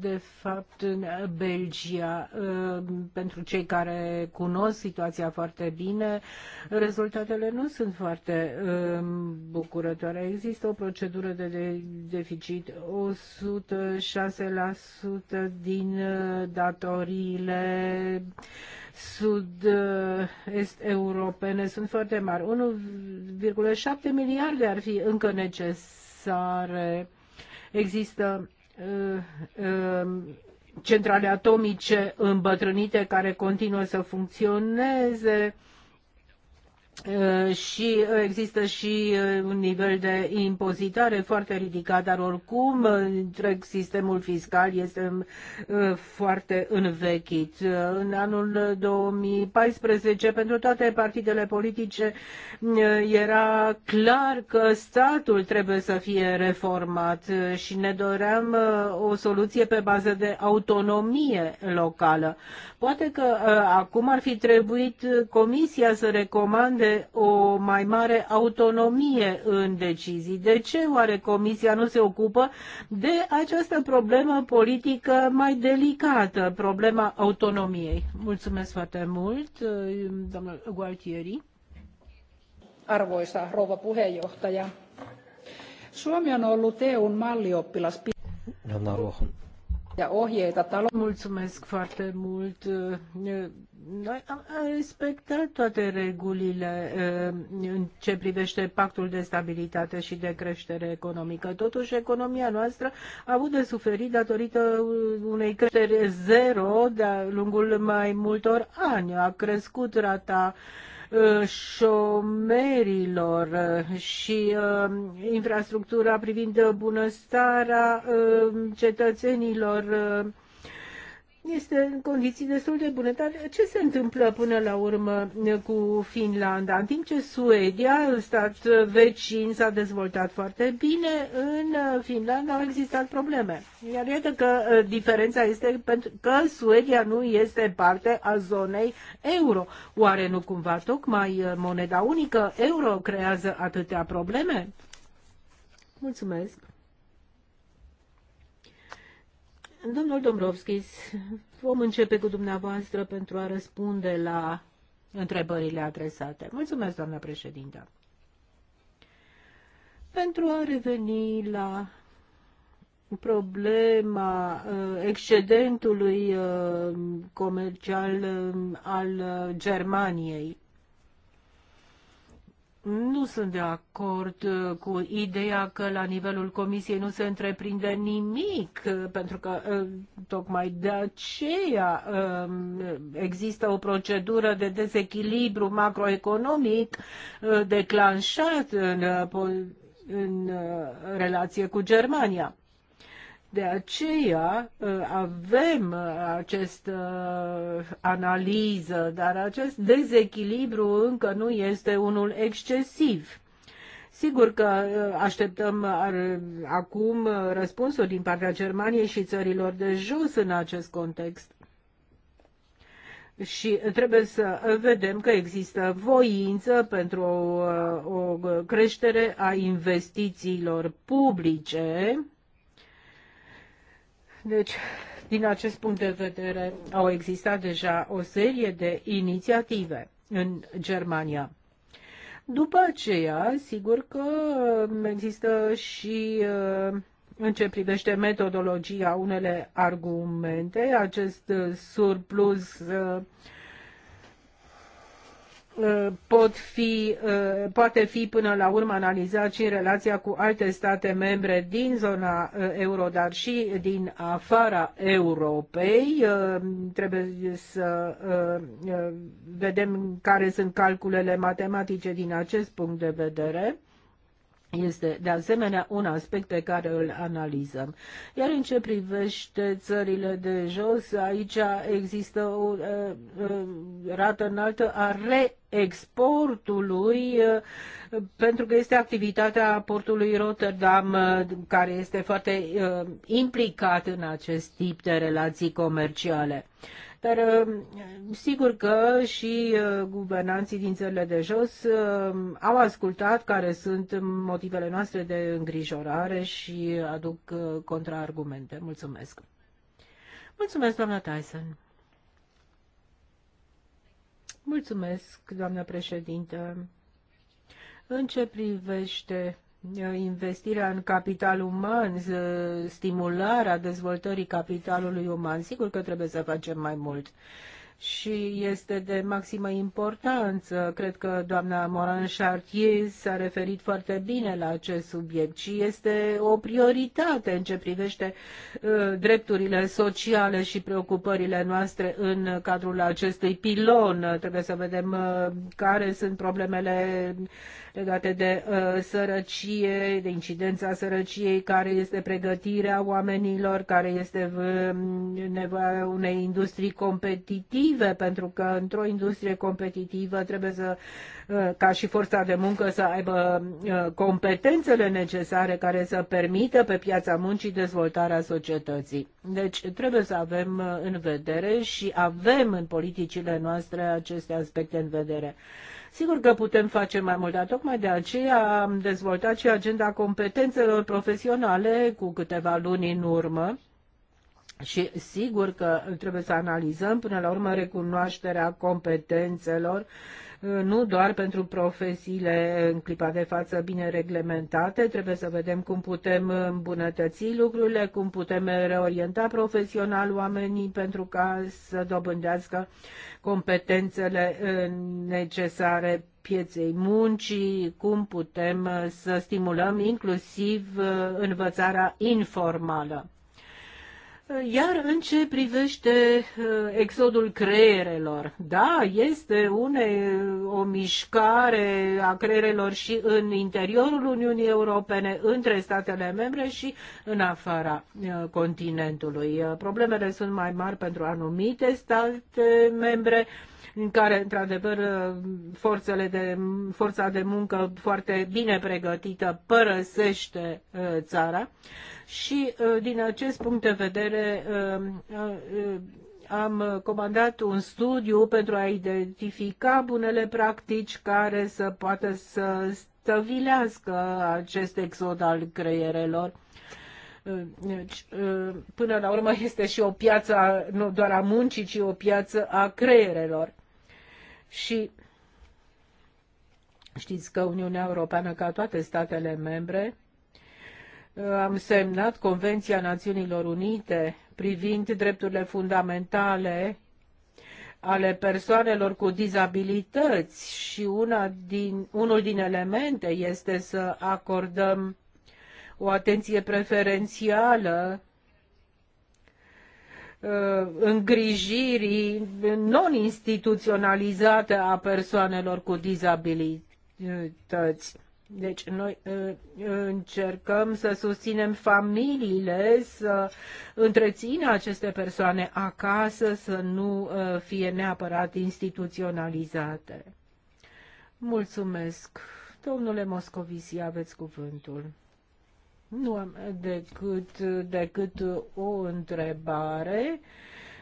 de fapt, în Belgia, uh, pentru cei care cunosc situația foarte bine, rezultatele nu sunt foarte uh, bucurătoare. Există o procedură de deficit 106% din uh, datoriile sud-est europene sunt foarte mari. 1,7 miliarde ar fi încă necesare. Există Uh, um, centrale atomice îmbătrânite care continuă să funcționeze, Uh, și uh, există și uh, un nivel de impozitare foarte ridicat, dar oricum întreg sistemul fiscal este foarte învechit. În anul 2014, pentru toate partidele politice, era clar că statul trebuie să fie reformat și ne doream o soluție pe bază de autonomie locală. Poate că acum ar fi trebuit Comisia să recomande de o mai mare autonomie în decizii. De ce oare Comisia nu se ocupă de această problemă politică mai delicată, problema autonomiei? Mulțumesc foarte mult, doamna Gualtieri. Arvoisa rouva puheenjohtaja, Suomi on ollut EUn mallioppilas ja ohjeita talo. Mulțumesc foarte mult. Noi am respectat toate regulile uh, în ce privește pactul de stabilitate și de creștere economică. Totuși, economia noastră a avut de suferit datorită unei creștere zero de-a lungul mai multor ani. A crescut rata uh, șomerilor uh, și infrastructura privind bunăstarea cetățenilor este în condiții destul de bune. Dar ce se întâmplă până la urmă cu Finlanda? În timp ce Suedia, un stat vecin, s-a dezvoltat foarte bine, în Finlanda au existat probleme. Iar iată că uh, diferența este pentru că Suedia nu este parte a zonei euro. Oare nu cumva tocmai uh, moneda unică euro creează atâtea probleme? Mulțumesc! Domnul Dombrovskis, vom începe cu dumneavoastră pentru a răspunde la întrebările adresate. Mulțumesc, doamna președintă. Pentru a reveni la problema uh, excedentului uh, comercial uh, al Germaniei, nu sunt de acord uh, cu ideea că la nivelul Comisiei nu se întreprinde nimic, uh, pentru că uh, tocmai de aceea um, există o procedură de dezechilibru macroeconomic declanșat în, în relație cu Germania. De aceea uh, avem uh, această uh, analiză, dar acest dezechilibru încă nu este unul excesiv. Sigur că așteptăm acum răspunsuri din partea Germaniei și țărilor de jos în acest context. Și trebuie să vedem că există voință pentru o, o creștere a investițiilor publice deci, din acest punct de vedere, au existat deja o serie de inițiative în Germania. După aceea, sigur că există și uh, în ce privește metodologia unele argumente, acest surplus uh, pot fi, eh, poate fi până la urmă analizat și în relația cu alte state membre din zona eh, euro, dar și din afara Europei. Eh, trebuie să vedem care sunt calculele matematice din acest punct de vedere este de asemenea un aspect pe care îl analizăm. Iar în ce privește țările de jos, aici există o uh, uh, rată înaltă a reexportului, uh, pentru că este activitatea portului Rotterdam uh, care este foarte uh, implicat în acest tip de relații comerciale. Dar uh, sigur că și uh, guvernanții din țările de jos uh, au ascultat care sunt motivele noastre de îngrijorare și aduc contraargumente. Mulțumesc. Mulțumesc, doamna Tyson. Mulțumesc, doamna președintă. În ce privește investirea în capital uman, stimularea dezvoltării capitalului uman. Sigur că trebuie să facem mai mult și este de maximă importanță. Cred că doamna Moran Chartier s-a referit foarte bine la acest subiect și este o prioritate în ce privește uh, drepturile sociale și preocupările noastre în cadrul acestui pilon. Trebuie să vedem uh, care sunt problemele legate de uh, sărăcie, de incidența sărăciei, care este pregătirea oamenilor, care este nevoia unei industrii competitive, pentru că într-o industrie competitivă trebuie să, uh, ca și forța de muncă, să aibă uh, competențele necesare care să permită pe piața muncii dezvoltarea societății. Deci trebuie să avem uh, în vedere și avem în politicile noastre aceste aspecte în vedere. Sigur că putem face mai mult, dar tocmai de aceea am dezvoltat și agenda competențelor profesionale cu câteva luni în urmă. Și sigur că trebuie să analizăm până la urmă recunoașterea competențelor uh, nu doar pentru profesiile în clipa de față bine reglementate, trebuie să vedem cum putem îmbunătăți lucrurile, cum putem reorienta profesional oamenii pentru ca să dobândească competențele uh, necesare pieței muncii, cum putem uh, să stimulăm inclusiv uh, învățarea informală. Iar în ce privește uh, exodul creierelor, da, este une, uh, o mișcare a creierelor și în interiorul Uniunii Europene, între statele membre și în afara uh, continentului. Problemele sunt mai mari pentru anumite state membre, în care, într-adevăr, forțele de, forța de muncă foarte bine pregătită părăsește uh, țara. Și, uh, din acest punct de vedere, uh, am comandat un studiu pentru a identifica bunele practici care să poată să stăvilească acest exod al creierelor deci, până la urmă este și o piață nu doar a muncii, ci o piață a creierelor. Și știți că Uniunea Europeană, ca toate statele membre, am semnat Convenția Națiunilor Unite privind drepturile fundamentale ale persoanelor cu dizabilități și una din, unul din elemente este să acordăm o atenție preferențială uh, îngrijirii non-instituționalizate a persoanelor cu dizabilități. Deci noi uh, încercăm să susținem familiile să întrețină aceste persoane acasă, să nu uh, fie neapărat instituționalizate. Mulțumesc. Domnule Moscovici, aveți cuvântul. Nu am decât, decât o întrebare.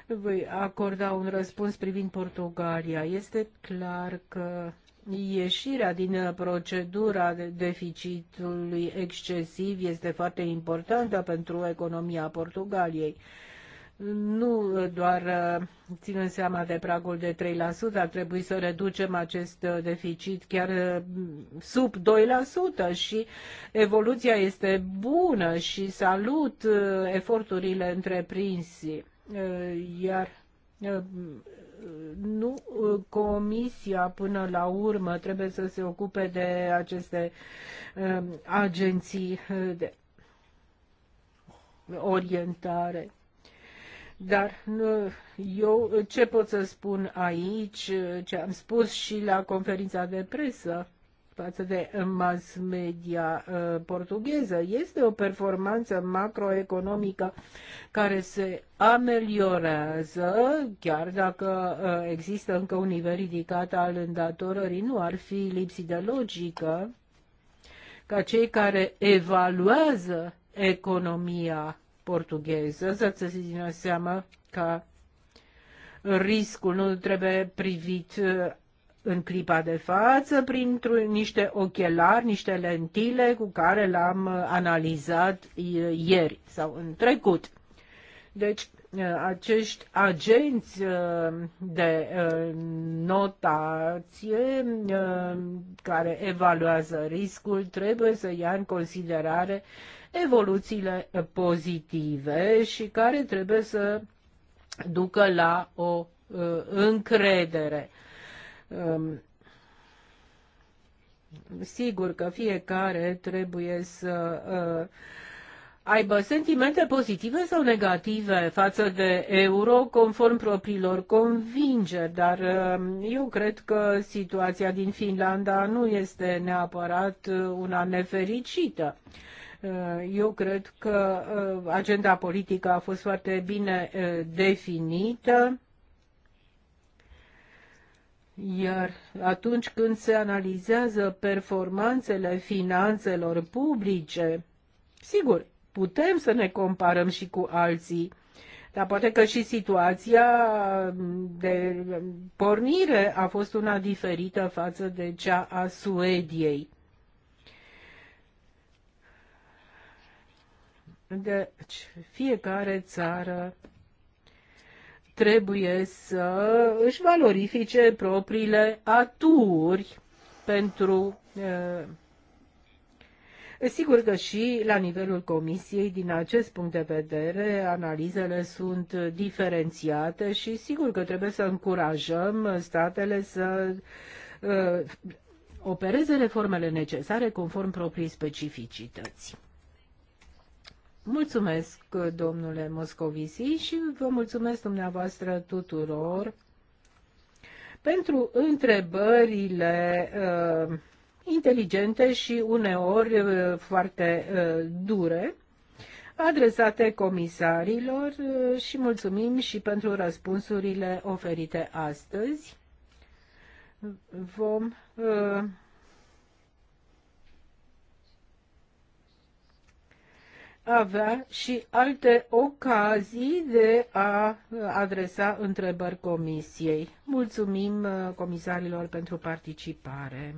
Voi acorda un răspuns privind Portugalia. Este clar că ieșirea din procedura de deficitului excesiv este foarte importantă pentru economia Portugaliei nu doar uh, ținând seama de pragul de 3%, ar trebui să reducem acest uh, deficit chiar uh, sub 2% și evoluția este bună și salut eforturile întreprinse. Iar nu comisia până la urmă trebuie să se ocupe de aceste agenții de orientare dar eu ce pot să spun aici, ce am spus și la conferința de presă față de mass media uh, portugheză, este o performanță macroeconomică care se ameliorează, chiar dacă uh, există încă un nivel ridicat al îndatorării, nu ar fi lipsit de logică ca cei care evaluează economia portugheză să se țină seama că riscul nu trebuie privit uh, în clipa de față printr niște ochelari, niște lentile cu care l-am uh, analizat uh, ieri sau în trecut. Deci, acești agenți de notație care evaluează riscul trebuie să ia în considerare evoluțiile pozitive și care trebuie să ducă la o uh, încredere. Um, sigur că fiecare trebuie să uh, aibă sentimente pozitive sau negative față de euro conform propriilor convingeri, dar uh, eu cred că situația din Finlanda nu este neapărat una nefericită. Uh, eu cred că uh, agenda politică a fost foarte bine uh, definită. Iar atunci când se analizează performanțele finanțelor publice, sigur, putem să ne comparăm și cu alții, dar poate că și situația de pornire a fost una diferită față de cea a Suediei. Deci, fiecare țară trebuie să își valorifice propriile aturi pentru. Uh, sigur că și la nivelul comisiei, din acest punct de vedere, analizele sunt diferențiate și sigur că trebuie să încurajăm statele să uh, opereze reformele necesare conform proprii specificități. Mulțumesc, domnule Moscovici, și vă mulțumesc dumneavoastră tuturor pentru întrebările uh, inteligente și uneori uh, foarte uh, dure adresate comisarilor uh, și mulțumim și pentru răspunsurile oferite astăzi. Vom uh, avea și alte ocazii de a adresa întrebări comisiei. Mulțumim uh, comisarilor pentru participare.